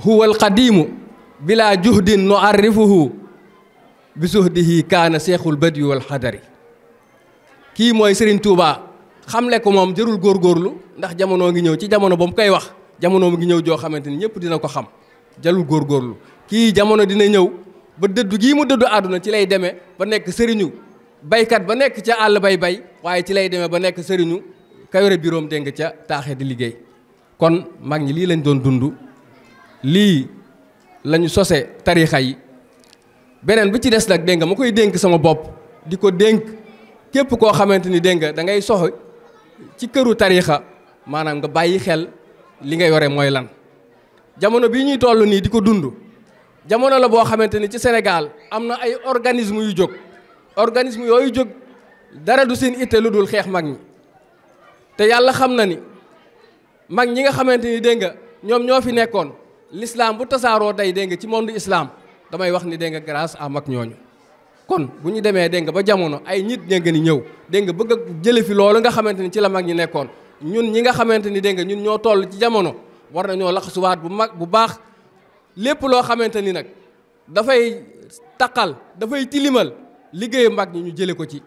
huwal qadiimu bila juhdin nu arrifuhu bi suhdihi kaana seexul badi wal xadari kii mooy Serigne Touba xamle ko moom jërul góorlu ndax jamono ngi ñëw ci jamono ba mu koy wax jamono mu ngi ñëw joo xamante ni ñëpp dina ko xam jarul góorgóorlu kii jamono dina ñëw ba dëddu gii mu dëddu àdduna ci lay demee ba nekk sëriñu baykat ba nekk ca àll bay bay waaye ci lay demee ba nekk sëriñu kayore biroom dénk ca taaxe di liggéey kon mag ñi lii lañ doon dund lii lañu sose tarixa yi beneen bu ci des nag dégg nga ma koy dénk sama bopp di ko dénk képp koo xamante ni dégg nga da ngay sox ci këru tarixa maanaam nga bàyyi xel li nga yore mooy lan jamono bii ñuy toll nii di ko dund jamono la boo xamante ni ci Sénégal am na ay organisme yu jóg organisme yooyu jóg dara du seen itte lu dul xeex mag ñi te yàlla xam na ni mag ñi nga xamante ni dégg nga ñoom ñoo fi nekkoon lislaam bu tasaaroo dey dégg nga ci monde islaam damay wax ni dégg nga grâce à mag ñooñu kon bu ñu demee dégg nga ba jamono ay nit dégg nga ni ñëw dégg bëgg ak jële fi loolu nga xamante ni ci la mag ñi nekkoon ñun ñi nga xamante ni dégg nga ñun ñoo toll ci jamono war nañoo laxasuwaat bu mag bu baax lépp loo xamante ni nag dafay taqal dafay tilimal liggéeyu mag ñi ñu jële ko ci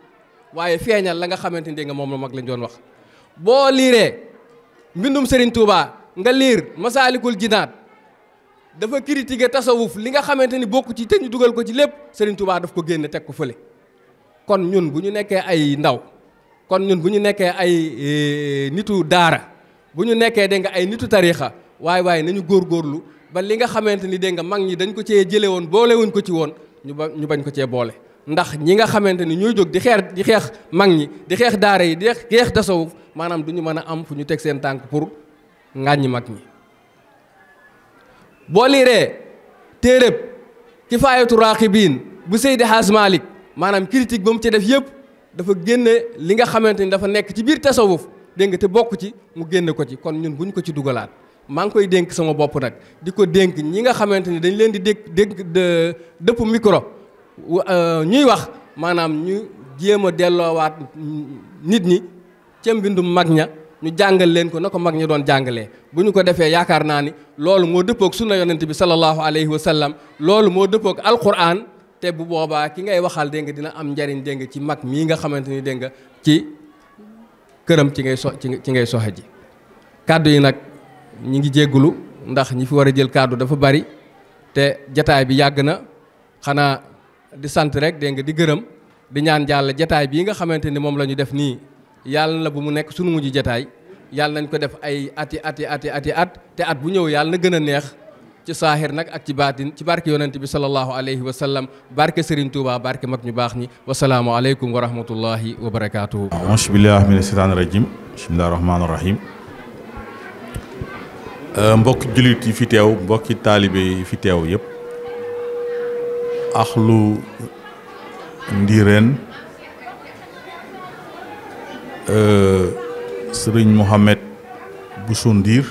waaye feeñal la nga xamante ni dégg moom la mag lañ doon wax boo liiree mbindum Serigne nga liir masaalikul jinaat dafa critiquer tasawuf li nga xamante ni bokk ci te ñu dugal ko ci lépp Serigne Touba daf ko génne teg ko fële kon ñun bu ñu nekkee ay ndaw kon ñun bu ñu nekkee ay eh, nitu daara bu ñu nekkee dégg nga ay nitu tariixa waaye waaye nañu góorlu ba li nga xamante ni dégg nga mag ñi dañ ko cee jële woon boole ko ci woon ñu ba ñu bañ ko cee boole ndax ñi nga xamante ni ñooy jóg di xeex di xeex mag ñi di xeex daara yi di xeex tasawuf maanaam du ñu mën a am fu ñu teg seen tànk pour ngàññi mag ñi boo liiree téeréb kifaayatu raaxibiin bu Seydi Haas Malick maanaam critique ba mu ci def yëpp dafa génne li nga xamante ni dafa nekk ci biir tasawuf dégg nga te bokk ci mu génne ko ci kon ñun buñ ko ci dugalaat maa ngi koy dénk sama bopp nag di ko dénk ñi nga xamante ni dañ leen di dénk dénk dëpp micro euh, ñuy wax maanaam ñu jéem a delloowaat nit ñi ca mbindum mag ña ñu jàngal leen ko na ko mag ñu doon jàngalee bu ñu ko defee yaakaar naa ni loolu moo dëppoog sunna yonent bi sallallahu alayhi wa sallam loolu moo dëppoog alquran te bu boobaa ki ngay waxaal dégg dina am njariñ dégg ci mag mii nga xamante ni dégg nga ci këram ci ngay so ci ngay soxe ji kàddu yi nag ñi ngi jéggulu ndax ñi fi war a jël kàddu dafa bari te jataay bi yàgg na xanaa di sant rek dégg nga di gërëm di ñaan jàll jataay bii nga xamante ni moom la ñu def nii yàlla na bu mu nekk sunu mujj jataay yàlla nañ ko def ay ati ati ati ati at te at bu ñëw yàlla na gën a neex ci saaxir nag ak ci baatin ci barke yonent bi sallallahu alayhi wa sallam barke Serigne barke mag ñu baax ñi wasalaamu aleykum wa rahmatullahi wa barakaatuhu auzu billahi mina shaytaani rajim bismillahi rahmaani rahim euh, mbokki jullit yi fi teew mbokki taalibe yi fi teew yëpp axlu ndiireen Euh, sëriñ Mohamed Bousso Ndir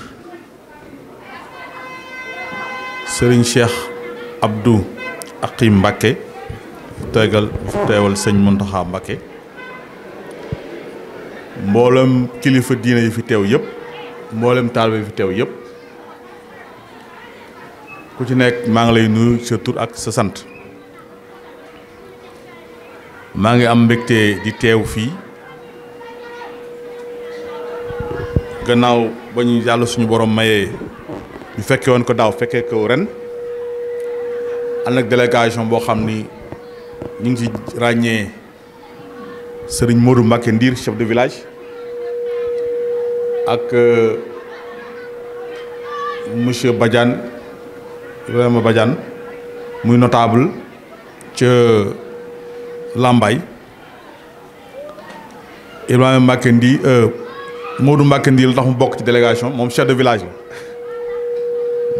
sëriñ Cheikh Abdou Akim Mbakke bu tegal bu teewal sëñ Muntaxa Mbakke mboolem kilifa diine yi fi teew yëpp mboolem taalibe yi fi teew yëpp ku ci nekk maa ngi lay nuyu sa tur ak sa sant maa ngi am mbégte di teew fii. gannaaw ba ñu yàlla suñu borom mayee ñu fekkee woon ko daaw fekkee ko ren ànd ak délégation boo xam ni ñu ngi ci ràññee sëriñ Modou Mbacké Ndiir chef de village ak euh, monsieur Badiane Ibrahima Badiane muy notable ca Lambaye Ibrahima Mbacké Ndiir euh, Modou Mbacke Ndiil tax mu bokk ci délégation moom chef de village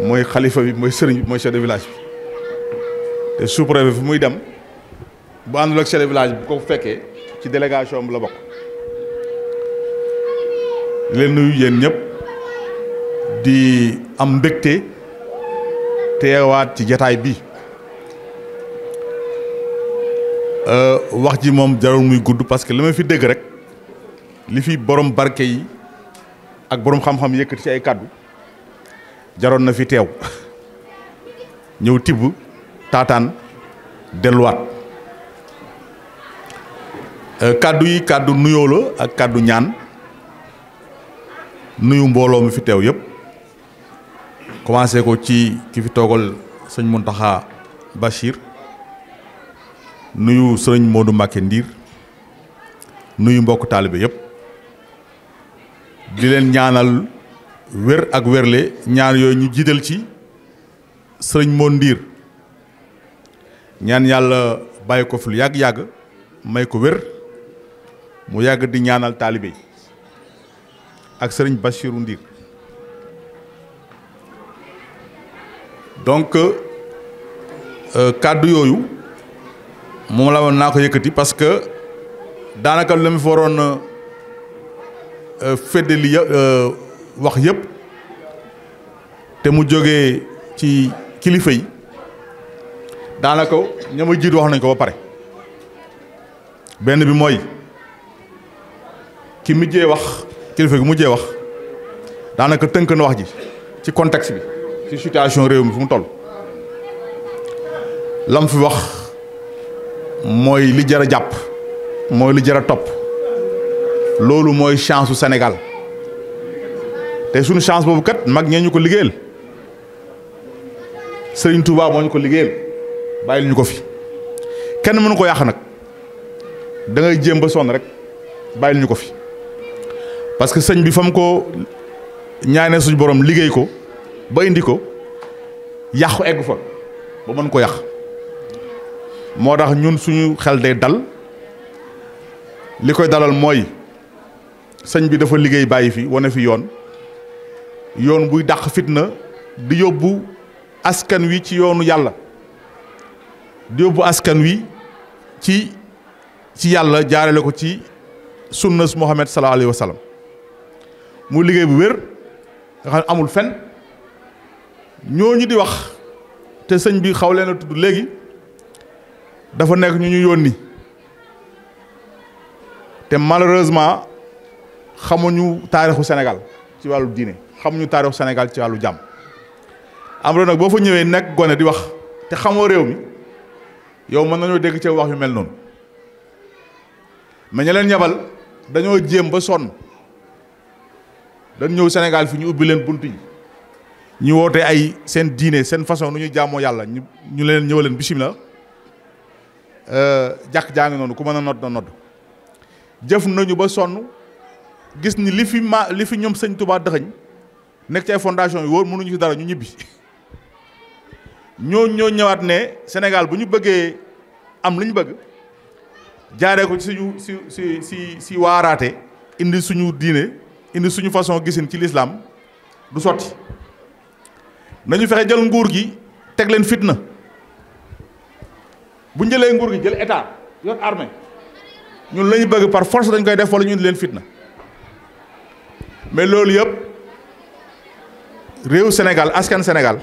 la mooy xalifa bi mooy sëriñ bi mooy chef de village bi te sous-préfet fu muy dem bu àndul ak chef de village bu ko fekkee ci délégation mu la bokk leen nuyu yéen ñëpp di am mbégte teewaat ci jataay bi euh, wax ji moom jarul muy gudd parce que li ma fi dégg rek li fi borom barke yi ak boroom xam-xam yëkkati ci ay kàddu jaroon na fi teew ñëw tibb taataan delluwaat euh, kàddu yi kàddu nuyoo ak kàddu ñaan nuyu mbooloo mi fi teew yëpp commencé ko ci ki fi toogal sëñ Muntaxa Bachir nuyu sëñ Modou Mbacké Ndiir nuyu mbokk taalibe yëpp di leen ñaanal wér ak wérle ñaan yooyu ñu jiital ci sëriñ Moon Ndiir ñaan yàlla bàyyi ko fi lu yàgg-yàgg may ko wér mu yàgg di ñaanal taalibe yi ak sëriñ Bassirou Ndiir donc euh, kàddu yooyu moom la woon naa ko yëkkati parce daanaka lu Euh, feddali euh, wax yépp te mu jógee ci kilifa yi daanaka ña ma jiit wax nañ ko ba pare benn bi mooy ki mujjee wax kilifa gi mujjee wax daanaka tënk na wax ji ci contexte bi ci situation réew mi fu mu toll lam fi wax mooy li jar a jàpp mooy li jar a topp loolu mooy chance su senegal te suñu chance boobu kat mag ñee ñu ko liggéeyal Serigne Touba moo ñu ko liggéeyal bàyyil ñu ko fi kenn mënu ko yàq nag da ngay jéem ba sonn rek bàyyil ñu ko fi parce que sëñ bi fa mu ko ñaanee suñu borom liggéey ko ba indi ko yàqu egg fa ba mën ko yàq moo tax ñun suñu xel day dal li koy dalal mooy. sëñ bi dafa liggéey bàyyi fi wane fi yoon yoon buy dàq fitna di yóbbu askan wi ci yoonu yàlla di yóbbu askan wi ci ci yàlla jaarale ko ci sunna Muhammad sallallahu alayhi wa mu liggéey bu wér nga xam amul fen ñoo ñu di wax te sëñ bi xaw leen a tudd léegi dafa nekk ñu ñu yónni te malheureusement xamuñu taarixu senegal ci wàllu diine xamuñu taarixu senegal ci wàllu jàmm am na nag boo fa ñëwee nekk gone di wax te xamoo réew mi yow mën nañoo dégg ci wax yu mel noonu mais ña leen ñabal dañoo jéem ba sonn dañ ñëw senegal fi ñu ubbi leen bunt yi ñu woote ay seen diine seen façon nu ñuy jàmmoo yàlla ñu ñu leen ñëw leen bisimilah euh, jàkk jaa ngi noonu ku mën a nodd na nodd jëf nañu ba sonn. gis ni li fi ma li fi ñoom sëñ Touba dëxëñ nekk ci ay fondation yu wóor mënuñu ci dara ñu ñibbi ñoo ñoo ñawaat ne Sénégal bu ñu bëggee am lu ñu bëgg jaaree ko ci suñu si si si si waaraate indi suñu diine indi suñu façon gisin ci lislaam du sotti nañu fexe jël nguur gi teg leen fitna bu njëlee nguur gi jël état yor armée ñun la bëgg par force dañ koy def wala ñu indi leen fitna mais loolu yëpp réew senegal askan Sénégal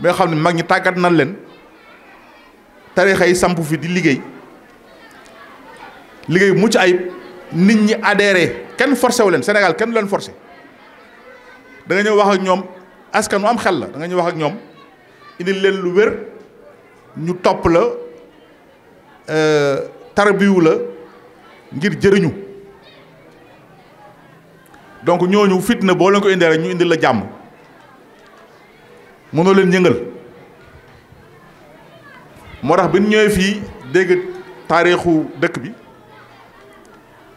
mi xam ne mag ñi tàggat nan leen tarixa yi samp fi di liggéey liggéey mucc ayib nit ñi adhéré kenn forcé wu leen Sénégal kenn leen forcé da nga ñëw wax ak ñoom askan mu am xel la da nga ñëw wax ak ñoom indil leen lu wér ñu topp la euh, tarbiwu la ngir jëriñu donc ñooñu fitna boo leen ko indee rek ñu indil la jàmm mënoo leen yëngal moo tax bi ñu ñëwee fii dégg taarixu dëkk bi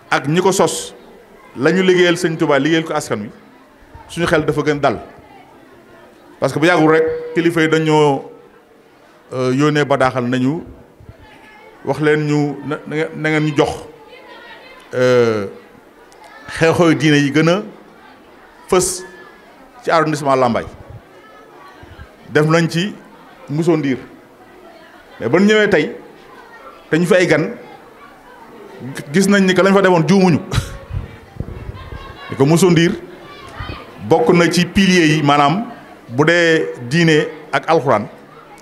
ak ñi ko sos lañu ñu liggéeyal sëñ Tuubaa liggéeyal ko askan wi suñu xel dafa gën dal parce que yàggul rek kilifa yi dañoo euh, yónnee badaaxal nañu wax leen ñu na na ngeen ñu jox. Euh, xew-xewi diine yi gën a fës ci arrondissement Lambaye def nañ ci Mousso mais ba ñu ñëwee tey te ñu fi ay gan gis nañ ni que lañ fa defoon juumuñu ni ko Mousso bokk na ci piliers yi maanaam bu dee diine ak alxuraan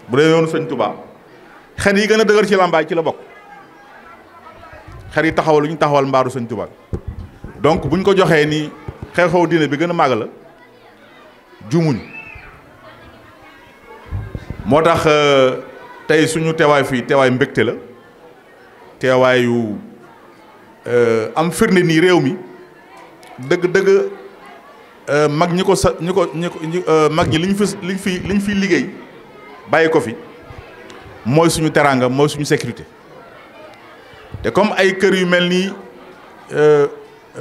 bu dee yoonu sëñ tubaab xen yi gën a dëgër ci Lambaye ci la bokk xer yi taxawal lu ñu taxawal mbaaru sëñ Touba. donc buñ ko joxee ni xew-xew diine bi gën a màgg la jumuñ moo tax euh, tey suñu teewaay fii teewaay mbégte la teewaayu euh, am firnde nii réew mi dëgg dëgg euh, mag ñi ko sa ñi ko ñi ko mag ñi liñ fi liñ fi liñ fiy liggéey bàyyi ko fi mooy suñu teraanga mooy suñu sécurité te comme ay kër yu mel nii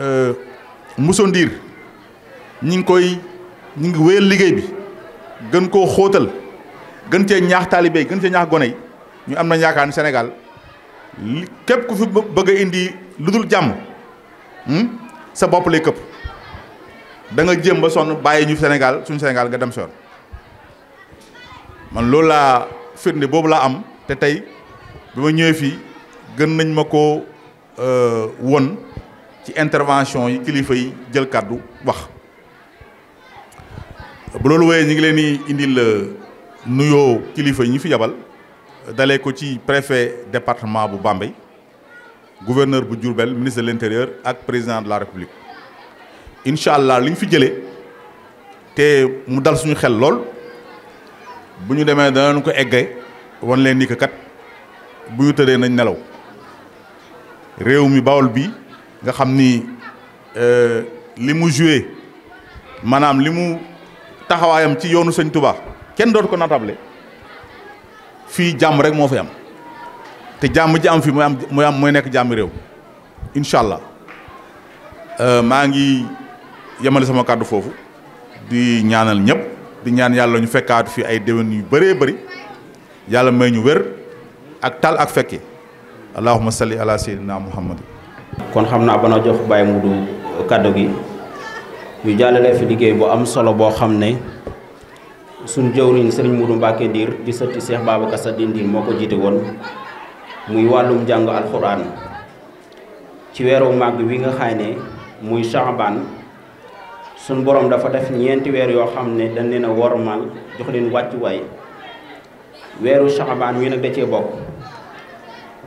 Euh, Moussa Ndiir ñu ngi koy ñu ngi wéyal liggéey bi gën koo xóotal gën cee ñaax taalibe yi gën cee ñaax gone yi ñu am na yaakaar ni Sénégal képp ku fi bëgg indi lu dul jàmm hmm, sa bopp këpp danga nga jéem ba sonn bàyyi ñu Sénégal suñu Sénégal nga dem soon man loolu laa firnde boobu laa am te tey bi ma ñëwee fii gën nañ ma ko euh, won ci intervention yi kilifa yi jël kàddu wax bu loolu wéyee ñu ngi leen di indil euh, nuyoo kilifa yi ñu fi yabal dalee ko ci préfet département bu Bambey gouverneur bu Diourbel ministre de l'intérieur ak président de la république incha allah li fi jëlee te mu dal suñu xel lool bu ñu demee danañ ko eggee wan leen ni kat bu ñu tëddee nañ nelaw réew mi bawol bi nga xam ni euh, li mu joué maanaam li mu taxawaayam ci yoonu sëñ Touba kenn dootu ko natable fii jàmm rek moo fi am te jàmm ji am fi mooy am mooy nekk jàmmi réew incha allah euh, maa ngi yemale sama kàddu foofu di ñaanal ñëpp di ñaan yàlla ñu fekkaatu fi ay déwén yu bëree bari yàlla may ñu wér ak tal ak fekke allahumma salli ala sayyidina muhammad kon xam naa bana jox mu du kàddu gi ñu jàllale fi liggéey bu am solo boo xam ne suñ jëwriñ sëriñ Modou mbàkke Ndir di sëtti Cheikh Babacar Sadji Ndir moo ko jiite woon muy wàllum jàng alxuraan ci weeru màgg wi nga xay ne muy Shaaban suñ borom dafa def ñeenti weer yoo xam ne dañ leen a wormal jox leen wàccuwaay weeru Shaaban wi nag da cee bokk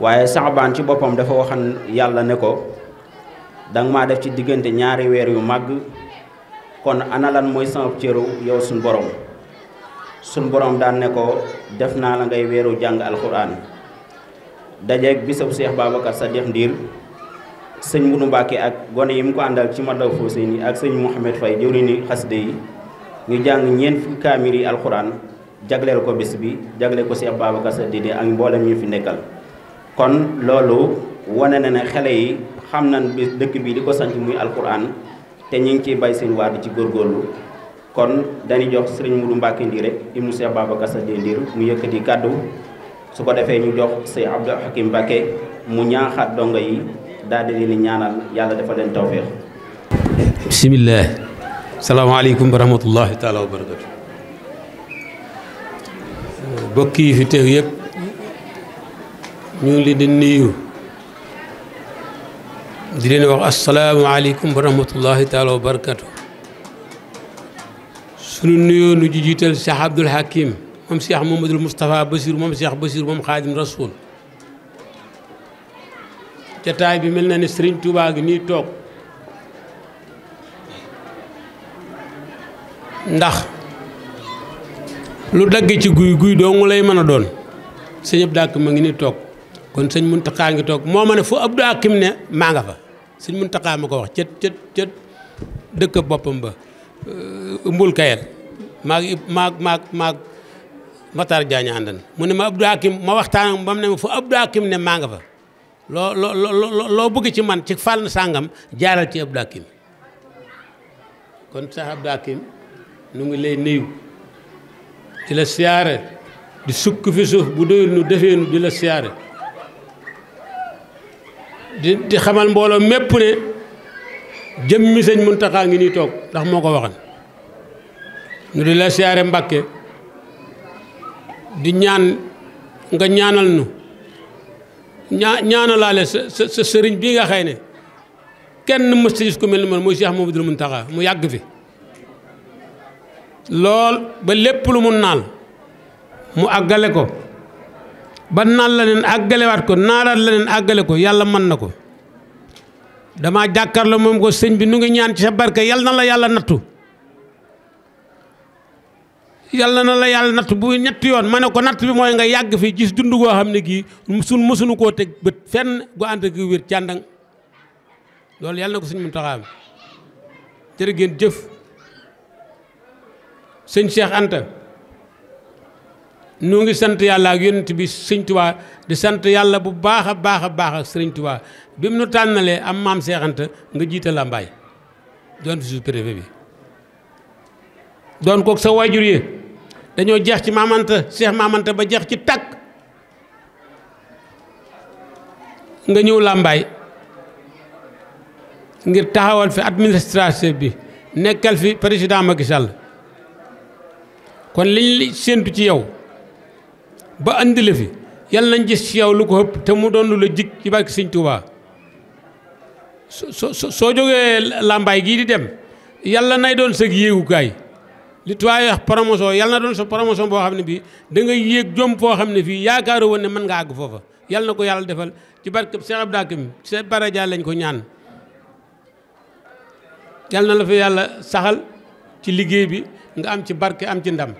waaye saxbaan ci boppam dafa waxan yàlla ne ko danga ma def ci diggante ñaari weer yu màgg kon analan mooy sama cëru yow suñ borom suñ borom daan ne ko def naa la ngay weeru jàng alxuraan dajeeg bisab seex sa Sadikh ndiir sëñ Munu Mbàkke ak gone yi mu ko àndal ci ma Matlaboul nii ak sëñ Mouhamed Faye ni xasida yi ñu jàng ñeent fukki kaamil yi alxuraan jagleel ko bis bi jagleel ko seex Babacar Sadikh Ndir ak mboolem ñu fi nekkal kon loolu wane na ne xale yi xam na bi dëkk bii di ko sant muy alquran te ñu ngi ciy bay seen waar ci góor góorlu kon dañuy jox sëriñ Mudu Mbàkke Ndiire ibnu Cheikh Babacar Sadie Ndiir mu yëkkati kàddu su ko defee ñu jox sëñ Abdou Hakim Mbàkke mu ñaaxaat dongo yi daal di ñaanal yàlla dafa leen tawféex bisimilah salaamaaleykum wa rahmatullahi taala wa barakatu bokk fi teew yëpp ñu ngi leen di nuyu di leen wax asalaamaaleykum wa rahmatullahi taala wa barakatu sunu nuyoo nu ji jiital Cheikh Abdoul Hakim moom Cheikh Mamadou Moustapha Bachir moom Cheikh Bachir moom Xaadim Rasoul jataay bi mel na ne sëriñ Touba gi nii toog ndax lu dagg ci guy guy doo ngu lay mën a doon sëñ Abdou ma ngi nii toog kon sëñ Muntaxa ngi toog moo ma ne fu Abdou Hakim ne maa nga fa sëñ Muntaxa ma ko wax cët cët dëkk boppam ba euh, Mbul Kayel maag maag maag maag Matar Diagne ne ma Abdou Hakim ma waxtaan ak mu ne ma fu Abdou Hakim ne maa nga fa loo loo loo bëgg ci man ci fànn sàngam jaaral ci Abdou Hakim kon sax Abdou Hakim nu ngi lay nuyu di la siyaare di sukk fi suuf bu doyul nu defee nu di la siyaare di di xamal mbooloo mépp ne jëmmi sëñ Muntaxa ngi nii toog ndax moo ko waxan ñu di la siyaare Mbàkke di ñaan nga ñaanal nu ñaa ñaanalaale sa sa sa sëriñ bii nga xëy ne kenn mës gis ku mel ni man muy Cheikh Mamadou Muntaxa mu yàgg fi lool ba lépp lu mu naal mu àggale ko ba naan la leen àggalewaat ko naaraat la leen àggale ko yàlla mën na ko dama jàkkaarloo moom ko sëñ bi nu ngi ñaan ci sa barke yal na la yàlla nattu yàlla na la yàlla nattu bu ñetti yoon ma ne ko natt bi mooy nga yàgg fi gis dund goo xam ne gii sun mësunu koo teg bët fenn gu ànd ak wér càndang loolu yàlla na ko sëñ mun taxaam jërë ngeen jëf sëñ Cheikh Anta nu ngi sant yàlla ak yonent bi sëñ Tuubaa di sant yàlla bu baax a baax a baax ak sëriñ Tuubaa bi mu nu tànnalee am maam Seex nga jiite Lambaay doon fi sous-préfet bi doon kook sa waajur yi dañoo jeex ci maam Anta Seex maam ba jeex ci takk nga ñëw làmbaay ngir taxawal fi administration bi nekkal fi président ma Sall kon liñ séentu ci yow ba andi la fi yàlla nañ gis ci yow lu ko ëpp te mu doon lu la jikk ci barke Sëñ Tuubaa so soo jógee lambaay gii di dem yàlla nay doon sa yéegukaay li tuwaay wax promotion na doon sa promotion boo xam ne bii da yéeg jom foo xam ne fii yaakaaro woon ne mën nga àgg foofa yàlla na ko yàlla defal ci barke Cheikh Abdou Hakim Cheikh Baraja ko ñaan yàlla na la fa yàlla saxal ci liggéey bi nga am ci barke am ci ndam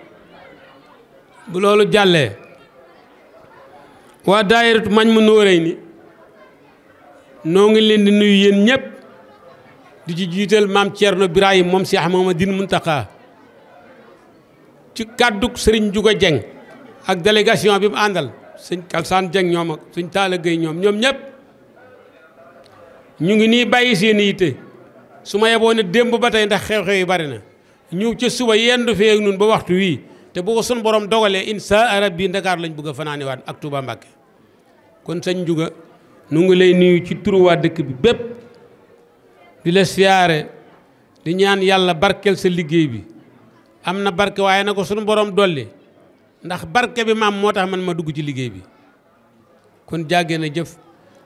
bu loolu jàllee waa mañ daayiratu Majmahun ni noo ngi leen di nuyu yéen ñëpp di ci jiital maam Thierno Birahim moom Cheikh Mamadou Mountakha ci kàddu sëriñ Juga Dieng ak délégation bi mu àndal sëñ Kalsaan Dieng ñoom ak sëñ Talla Gueye ñoom ñoom ñëpp ñu ngi nii bàyyi seen yitte su ma yeboo ne démb ba tey ndax xew-xew yi bari na ñëw ca suba yendu fee ak ñun ba waxtu wii te bu ko sunu borom dogalee insa rabbi Ndakaar lañ bugg a fanaanewaat ak Touba Mbacke kon sëñ Ndiouga nu ngi lay nuyu ci turu waa dëkk bi bépp di la siyaare di ñaan yàlla barkeel sa liggéey bi am na barke waaye na ko sunu borom dolli ndax barke bi maam moo tax man ma dugg ci liggéey bi kon jàggee na jëf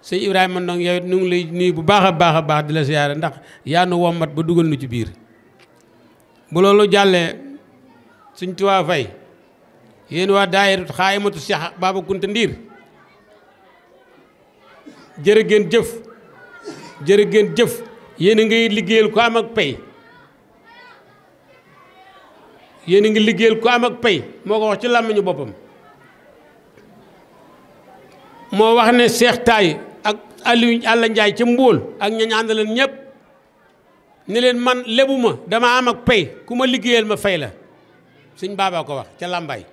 sëñ Ibrahima Ndong yow it nu ngi lay nuyu bu baax a baax a baax di la siyaare ndax yaa nu ba duggal nu ci biir bu loolu jàllee. suñ tuwaa fay yéen waa daayirut xaayimatu Cheikh Baba Kounta Ndir jërë ngeen jëf jërë ngeen jëf yéen ngi liggéeyal ku am ak pay yéen a ngi liggéeyal ku am ak pay moo ko wax ci làmmiñu boppam moo wax ne Cheikh ak Aliou Alla ci ca Mbóol ak ñañ àndaleen ñëpp ne leen man lebuma dama am ak pay ku ma liggéeyal ma fay la suñ baabaa ko wax ca làmbaay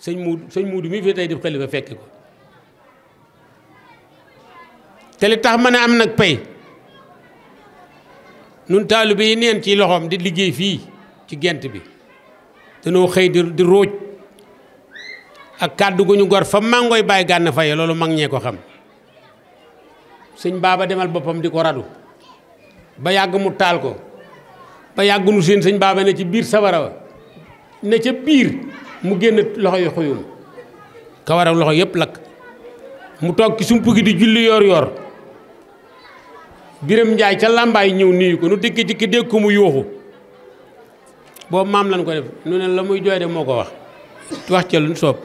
sëñ muudu sëñ muudu mi fi tey def xalifa fekke ko te li tax ma ne am nag pay nun taalibe yi neen ci loxoom di liggéey fii ci gent bi dañoo xëy di di ak kàddu gu ñu gor fa màngooy bàyyi gànn faye loolu mag ñee ko xam sëñ baaba demal boppam di ko radu ba yàgg mu taal ko ba yàgg nu seen sëñ baaba ne ci biir sawara wa ne ca biir mu génn loxo yu xuyum kawar loxo yëpp lakk mu toog ki sump gi di julli yoor yoor biram njaay ca làmbaay ñëw nuyu ko nu dikki dikki dégg ko mu yuuxu boobu maam lañ ko def nu ne la muy jooy de moo ko wax wax ca lu soob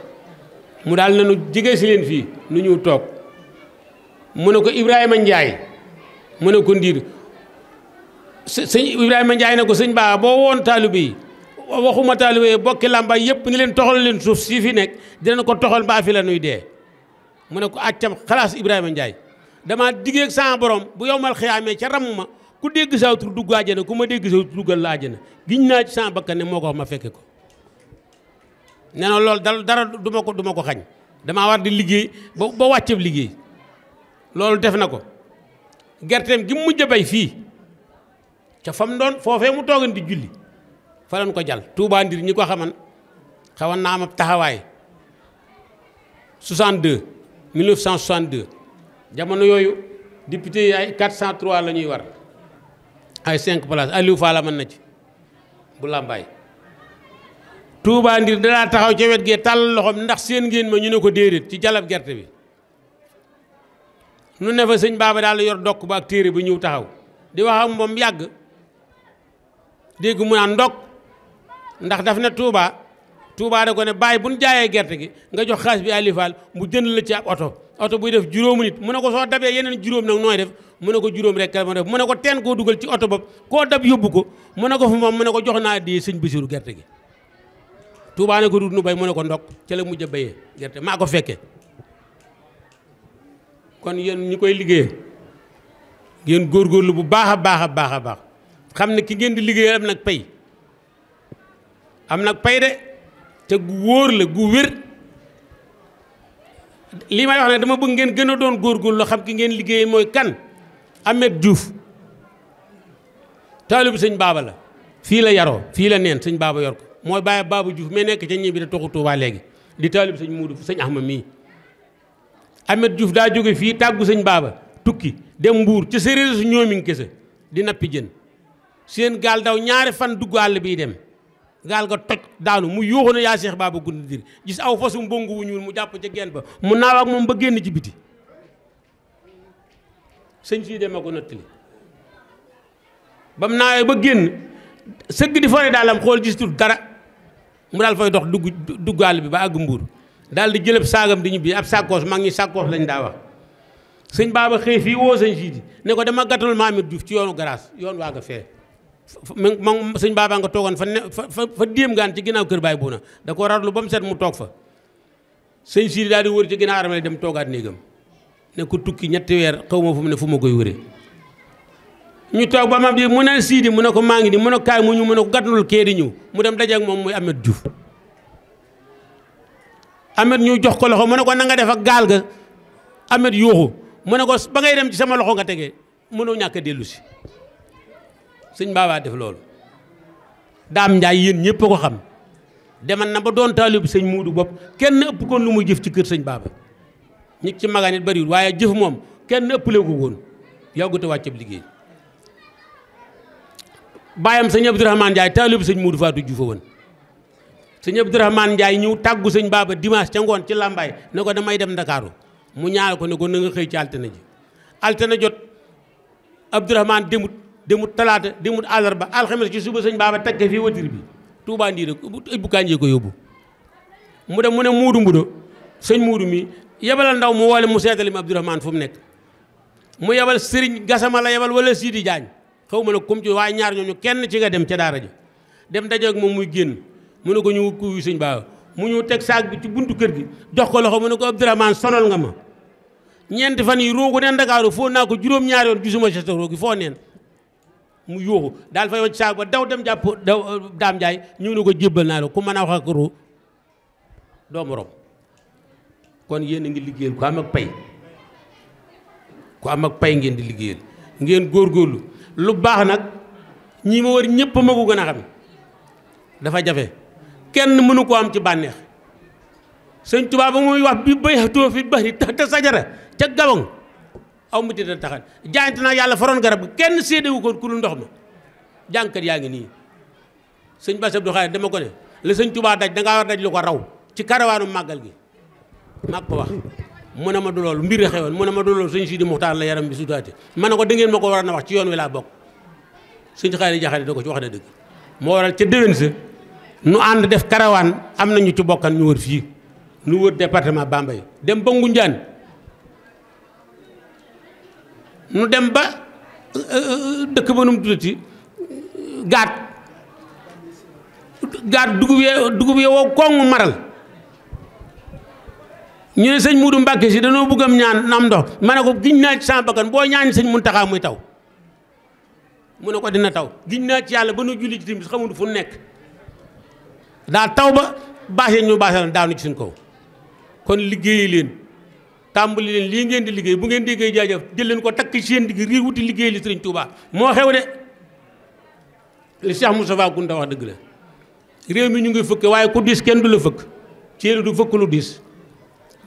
mu daal na nu si leen fii nu ñëw toog mu ne ko Ibrahima Njaay mu ne ko ndiir sëñ Ibrahima Njaay ne ko sëñ baa boo woon taalibe yi waxuma taalibe bokki làmba yëpp ni leen toxal leen suuf si fi nekk dinañ ko toxal mbaa fi la nuy dee mu ne ko accam xalaas Ibrahima Ndiaye dama diggeeg sama borom bu yow yowmal xiyaamee ca ramm ma ku dégg saw tur dugg àjjana ku ma dégg saw tur duggal la àjjana giñ naa ci sama bakkan ne moo ko ma fekke ko nee na dara du ma ko du ma ko xañ damaa war di liggéey ba ba wàcceeb liggéey loolu def na ko gerteem gi mujj a bay fii ca fam doon foofee mu toogan di julli fa lañ ko jal Touba Ndir ñi ko xaman xawan naa am ab taxawaay 62 1962 jamono yooyu député yi ay 403 la ñuy war ay 5 places Aliou Fall mën na ci bu làmbaay Touba Ndir danaa taxaw ca wet gee tàll loxoom ndax séen ngéen ma ñu ne ko déedéet ci jalab gerte bi nu ne fa sëñ baaba daal yor dokk ba ak téere ba ñëw taxaw di wax moom yàgg dégg mu naan ndokk ndax daf ne Touba Touba da ko ne bàyyi bu ñu jaayee gerte gi nga jox xaalis bi Aliou Fall mu jënd la ci ab oto oto buy def juróom nit mu ne ko soo dabee yeneen juróom nag nooy def mu ne ko juróom rek kala ma def mu ne ko teen ko dugal ci oto bopp koo dab yóbbu ko mu ne ko fu moom mu ne ko jox naa di sëñ Basiru gerte gi Touba ne ko dut nu bay mu ne ko ndok ca la mujj a béyee gerte maa ko fekke kon yéen ñi koy liggéey ngeen góorlu bu baax a baax a baax a baax xam ne ki ngeen di liggéeyal nag pay am nag pay de te gu wóor la gu wér lii may wax ne dama bëgg ngeen gën a doon góor góorgóorlu xam ki ngeen liggéey mooy kan Ahmed Diouf taalib sëñ baaba la fii la yaroo fii la neen sëñ baaba yor ko mooy bàyyi baaba juuf mais nekk ca ñi bi da toxu Tuubaa léegi di taalib sëñ muudu sëñ Ahmad mii Ahmed Diouf daa jóge fii tàggu sëñ baaba tukki dem mbuur ca séeréer su ñoomi ngi kese di nappi jën seen gaal daw ñaari fan duggu àll bii dem gaal nga toj daanu mu yuuxu ne yaa Seex Baaba Gunda Ndiri gis aw fasu mbëngu wu ñuul mu jàpp ca geen ba mu naaw ak moom ba génn ci biti sëñ si dem a ko nattali ba mu sëgg di fari daalam xool gisul dara mu daal foy dox dugg duggaal bi ba àgg mbuur daal di jëlëb saagam di ñibbi ab sàkkoos mag ñi sàkkoos lañ daa wax sëñ Baaba xëy fii woo sëñ si di ne ko dama gàttal Maamit Juuf ci yoonu garaas yoon waa nga fee moom sëñ baabaa nga toogoon fa ne fa fa déem gaan ci ginnaaw kër baay buuna da ko ratlu ba mu set mu toog fa sëñ siiri daal di wër dem toogaat néegam ne ko tukki ñetti weer xaw ma fu mu ne fu ma koy wëree ñu toog ba ma di mu ne siidi mu ne ko maa ngi nii mu ne kaay mu ñu mu ne ko gàttalul kee di ñëw mu dem dajeeg moom muy Amet Diouf Amet ñu jox ko loxo mu ne ko na nga def gaal ga Amet yuuxu mu ne ko ba ngay dem ci sama loxo nga tegee mënoo ñàkk a dellu si sëñ baabaa def loolu daam njaay yéen ñëpp ko xam deman na ba doon taalib sañ muudu bopp kenn ëpp koon lu muy jëf ci kër sëñ baaba ñi ci magaan it waaye jëf moom kenn ëppale ko woon yàggut a wàccab liggéey baayam sëñ Abdourahmane Ndiaye taalib sëñ Muudu Faatu Juufa woon sëñ Abdourahmane Ndiaye ñëw tàggu sëñ baaba dimanche ca ngoon ci làmbaay ne ko damay dem ndakaaru mu ñaar ko ne ko na nga xëy ci altine ji altine jot Abdourahmane demut demut talaata demut àllarba alxames ci suba sëñ baaba teg ko fii watir bi Touba Ndiiré bu Kanjee ko yóbbu mu dem mu ne muudu mbudo sëñ muudu mi yebalal ndaw mu woole mu seetali ma Abdourahmane fu mu nekk mu yebal sëriñ gasama la yebal wala Sidi Diagne xaw ma la comme ci waaye ñaar ñooñu kenn ci nga dem ca daara ji dem dajeeg moom muy génn mu ne ko ñu wut kuy sëñ baaba mu ñu teg saag bi ci buntu kër gi jox ko loxo mu ne ko Abdourahmane sonal nga ma ñeenti fan yi roogu ne Ndakaaru foo naa ko juróom-ñaari yoon mu yuuxu daal fay wacc saaku daw dem jàpp daw euh, daam njaay ko jébbal naa la ku mën a wax ak ru doomu rom kon yéen a ngi liggéeyal ku am ak pay ku am ak pay ngeen di liggéeyal ngeen góor góorlu lu baax nag ñi ma war ñëpp ma ko gën a xam dafa jafe kenn mënu ko am ci bànneex sëñ Tuubaa ba muy wax bi fi bari te sajara ca gabang aw mu tëdd taxan jaayante naa yàlla faroon garab gi kenn séedewu ko ku dul ndox mi jàngkat yaa ngi nii sëñ Bass Abdou Khadre dama ko ne la sëñ Touba daj da ngaa war daj lu ko raw ci karawaanu màggal gi mag ko wax mu ne ma du loolu mbir xewoon mu ne ma du loolu sëñ Sidi Muxtaar la yaram bi sutaate ma ne ko da ngeen ma ko war a wax ci yoon wi laa bokk sëñ Xaali Jaxate da ko ci wax na dëgg moo waral ca déwén sa nu ànd def karawaan am nañu ci bokkan ñu wër fii nu wër département Bambey dem ba Ngunjaan mu dem ba euh, euh, dëkk ba nu mu tuddati gaat gaat dugub yee dugub yee woo koŋŋ maral ñu ne sëñ Muudu Mbàkke si dañoo bëggam ñaan nam ndox ma ne ko giñ naa ci sama bakkan boo ñaan sëñ Muntaxa muy taw mu ne ko dina taw giñ naa ci yàlla ba nu julli ci timis xamul fu nekk daa taw ba baase ñu baase la daanu ci suñ kaw kon liggéeyi leen tàmbali leen lii ngeen di liggéey bu ngeen déggee jaajëf jël leen ko takk ci seen digg rii wuti liggéey li sëriñ Touba moo xew de li Cheikh Moustapha Kounda wax dëgg la réew mi ñu ngi fëkk waaye ku diis kenn du la fëkk ceeli du fëkk lu diis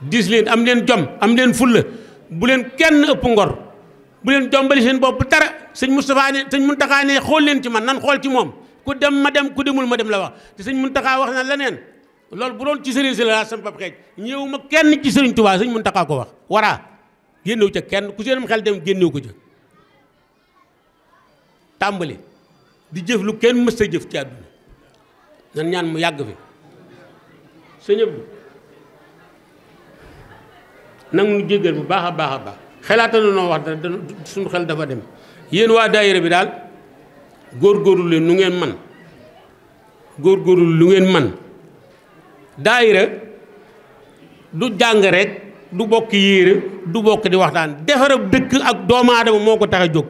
diis leen am leen jom am leen fulla bu leen kenn ëpp ngor bu leen jombali seen bopp dara sëñ Moustapha ne sëñ Mountakha ne xool leen ci man nan xool ci moom ku dem ma dem ku demul ma dem la wax te sëñ Mountakha wax na leneen loolu bu doon ci sëriñ si la sama pap xeej ñëw ma kenn ci sëriñ Tuubaa sëñ Muntaxa ko wax waraa génnew ca kenn ku seen mu xel dem génnew ko ca tàmbali di jëf lu kenn mës a jëf ci àdduna nan mu yàgg fi sëñ Abdu nag nu jéggal bu baax a baax a baax xelaata na noo wax da suñu xel dafa dem yéen waa daayira bi daal góor leen lu ngeen man góor góorgóorlu lu ngeen man daayira du jàng rek du bokk yéere du bokk di waxtaan defarab dëkk ak doomu aadama moo ko tax a jóg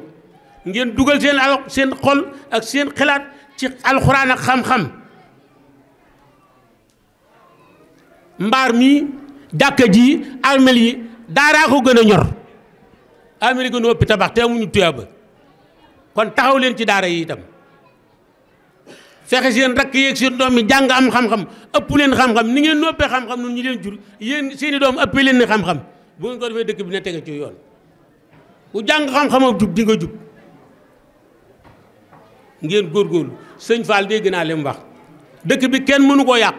ngeen dugal seen al seen xol ak seen xalaat ci alxuraan ak xam-xam mbaar mi jàkka ji armel yi daaraa ko gën a ñor armel yi gën a ëpp tabax te amuñu tuyaaba kon taxaw leen ci daara yi itam fexe seen rakk yeeg seen doom yi jàng am xam-xam ëpp leen xam-xam ni ngeen noppee xam-xam noonu ñu leen jur yéen seen i doom ëppee leen ne xam-xam bu ngeen ko defee dëkk bi ne tege ci yoon ku jàng xam-xamam jub di nga jub ngeen góorgóorlu sëñ Fall dégg naa li mu wax dëkk bi kenn mënu koo yàq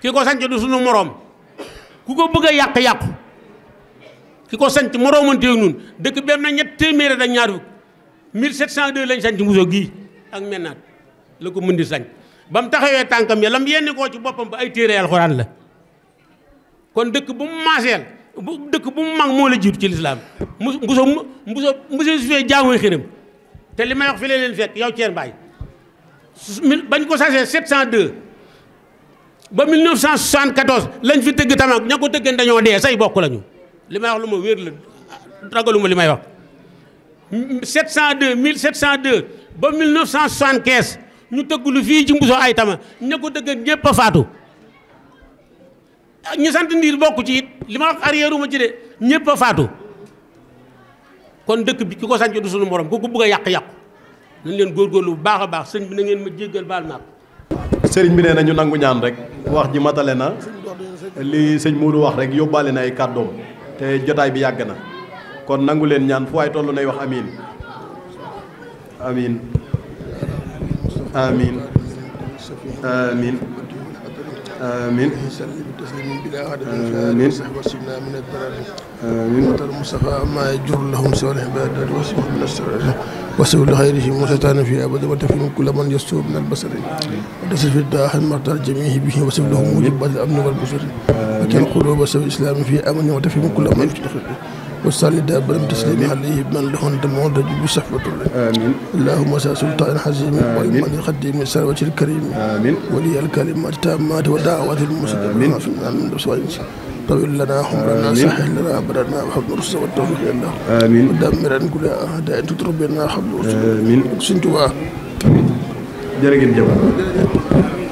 ki ko sanc du suñu moroom ku ko bëgg a yàq-yàqu ki ko sanc moroomante ak nun dëkk bi am na ñett téeméer ak ñaar fukk 1702 lañ sanc Mbuso gii ak mennaat la ko mën di sañ ba mu taxawee tànkam ya lam yenni koo ci boppam ba ay téere alxuraan la kon dëkk bu mu maaseel bu dëkk bu mu mag moo la jiitu ci lislaam mus mbuso mbuso mbuso su fee jaamoy xërëm te li may wax fi la leen fekk yow Thierno Mbaye bañ ko sasee 702 ba 1974 lañ fi tëgg tamak ña ko tëggan dañoo dee say bokk lañu li may wax lu ma wér la ragaluma li may wax 702 1702 ba 1975 ñu tëgg lu fii ci mbuso ay tama ña ko dëgg ñëpp a faatu ah, ñu sant ndiir bokk ci it li ma arrière ma ci de ñëpp a faatu kon dëkk bi ki ko sanc du sunu morom ku ko bëgg a yàq-yàq nañ leen góorgóorlu bu baax a baax sëñ bi na ngeen ma jéggal baal maak sëriñ bi nee na ñu nangu ñaan rek wax ji matale na li sëñ Moodu wax rek yóbbaale na ay kàddoom te jotaay bi yàgg na kon nangu leen ñaan fu waay toll nay wax amiin amiin آمين آمين آمين آمين آمين المصطفى ما يجر لهم سوى العبادات وسوى من السرعة وسوى لغيره مستان في أبدا وتفهم كل من يسوء من البصر ودسل في الداخل مرتار جميع به وسوى لهم مجبات الأمن والبصر وكان قلوب سوى الإسلام في أمن وتفهم كل من يسوء والسالدة بلم تسليم عليه من لهن دمون رجل بصحبة آمين اللهم سا سلطان حزيم وإيمان قديم السروة الكريم آمين ولي الكلمات التامات ودعوة المسلمين آمين طول لنا عمرنا سهل لنا امرنا وحب الرسل والتوفيق لله امين ودمرا كل اعداء تضرب بنا حب الرسل امين سنتوا امين جرى جرى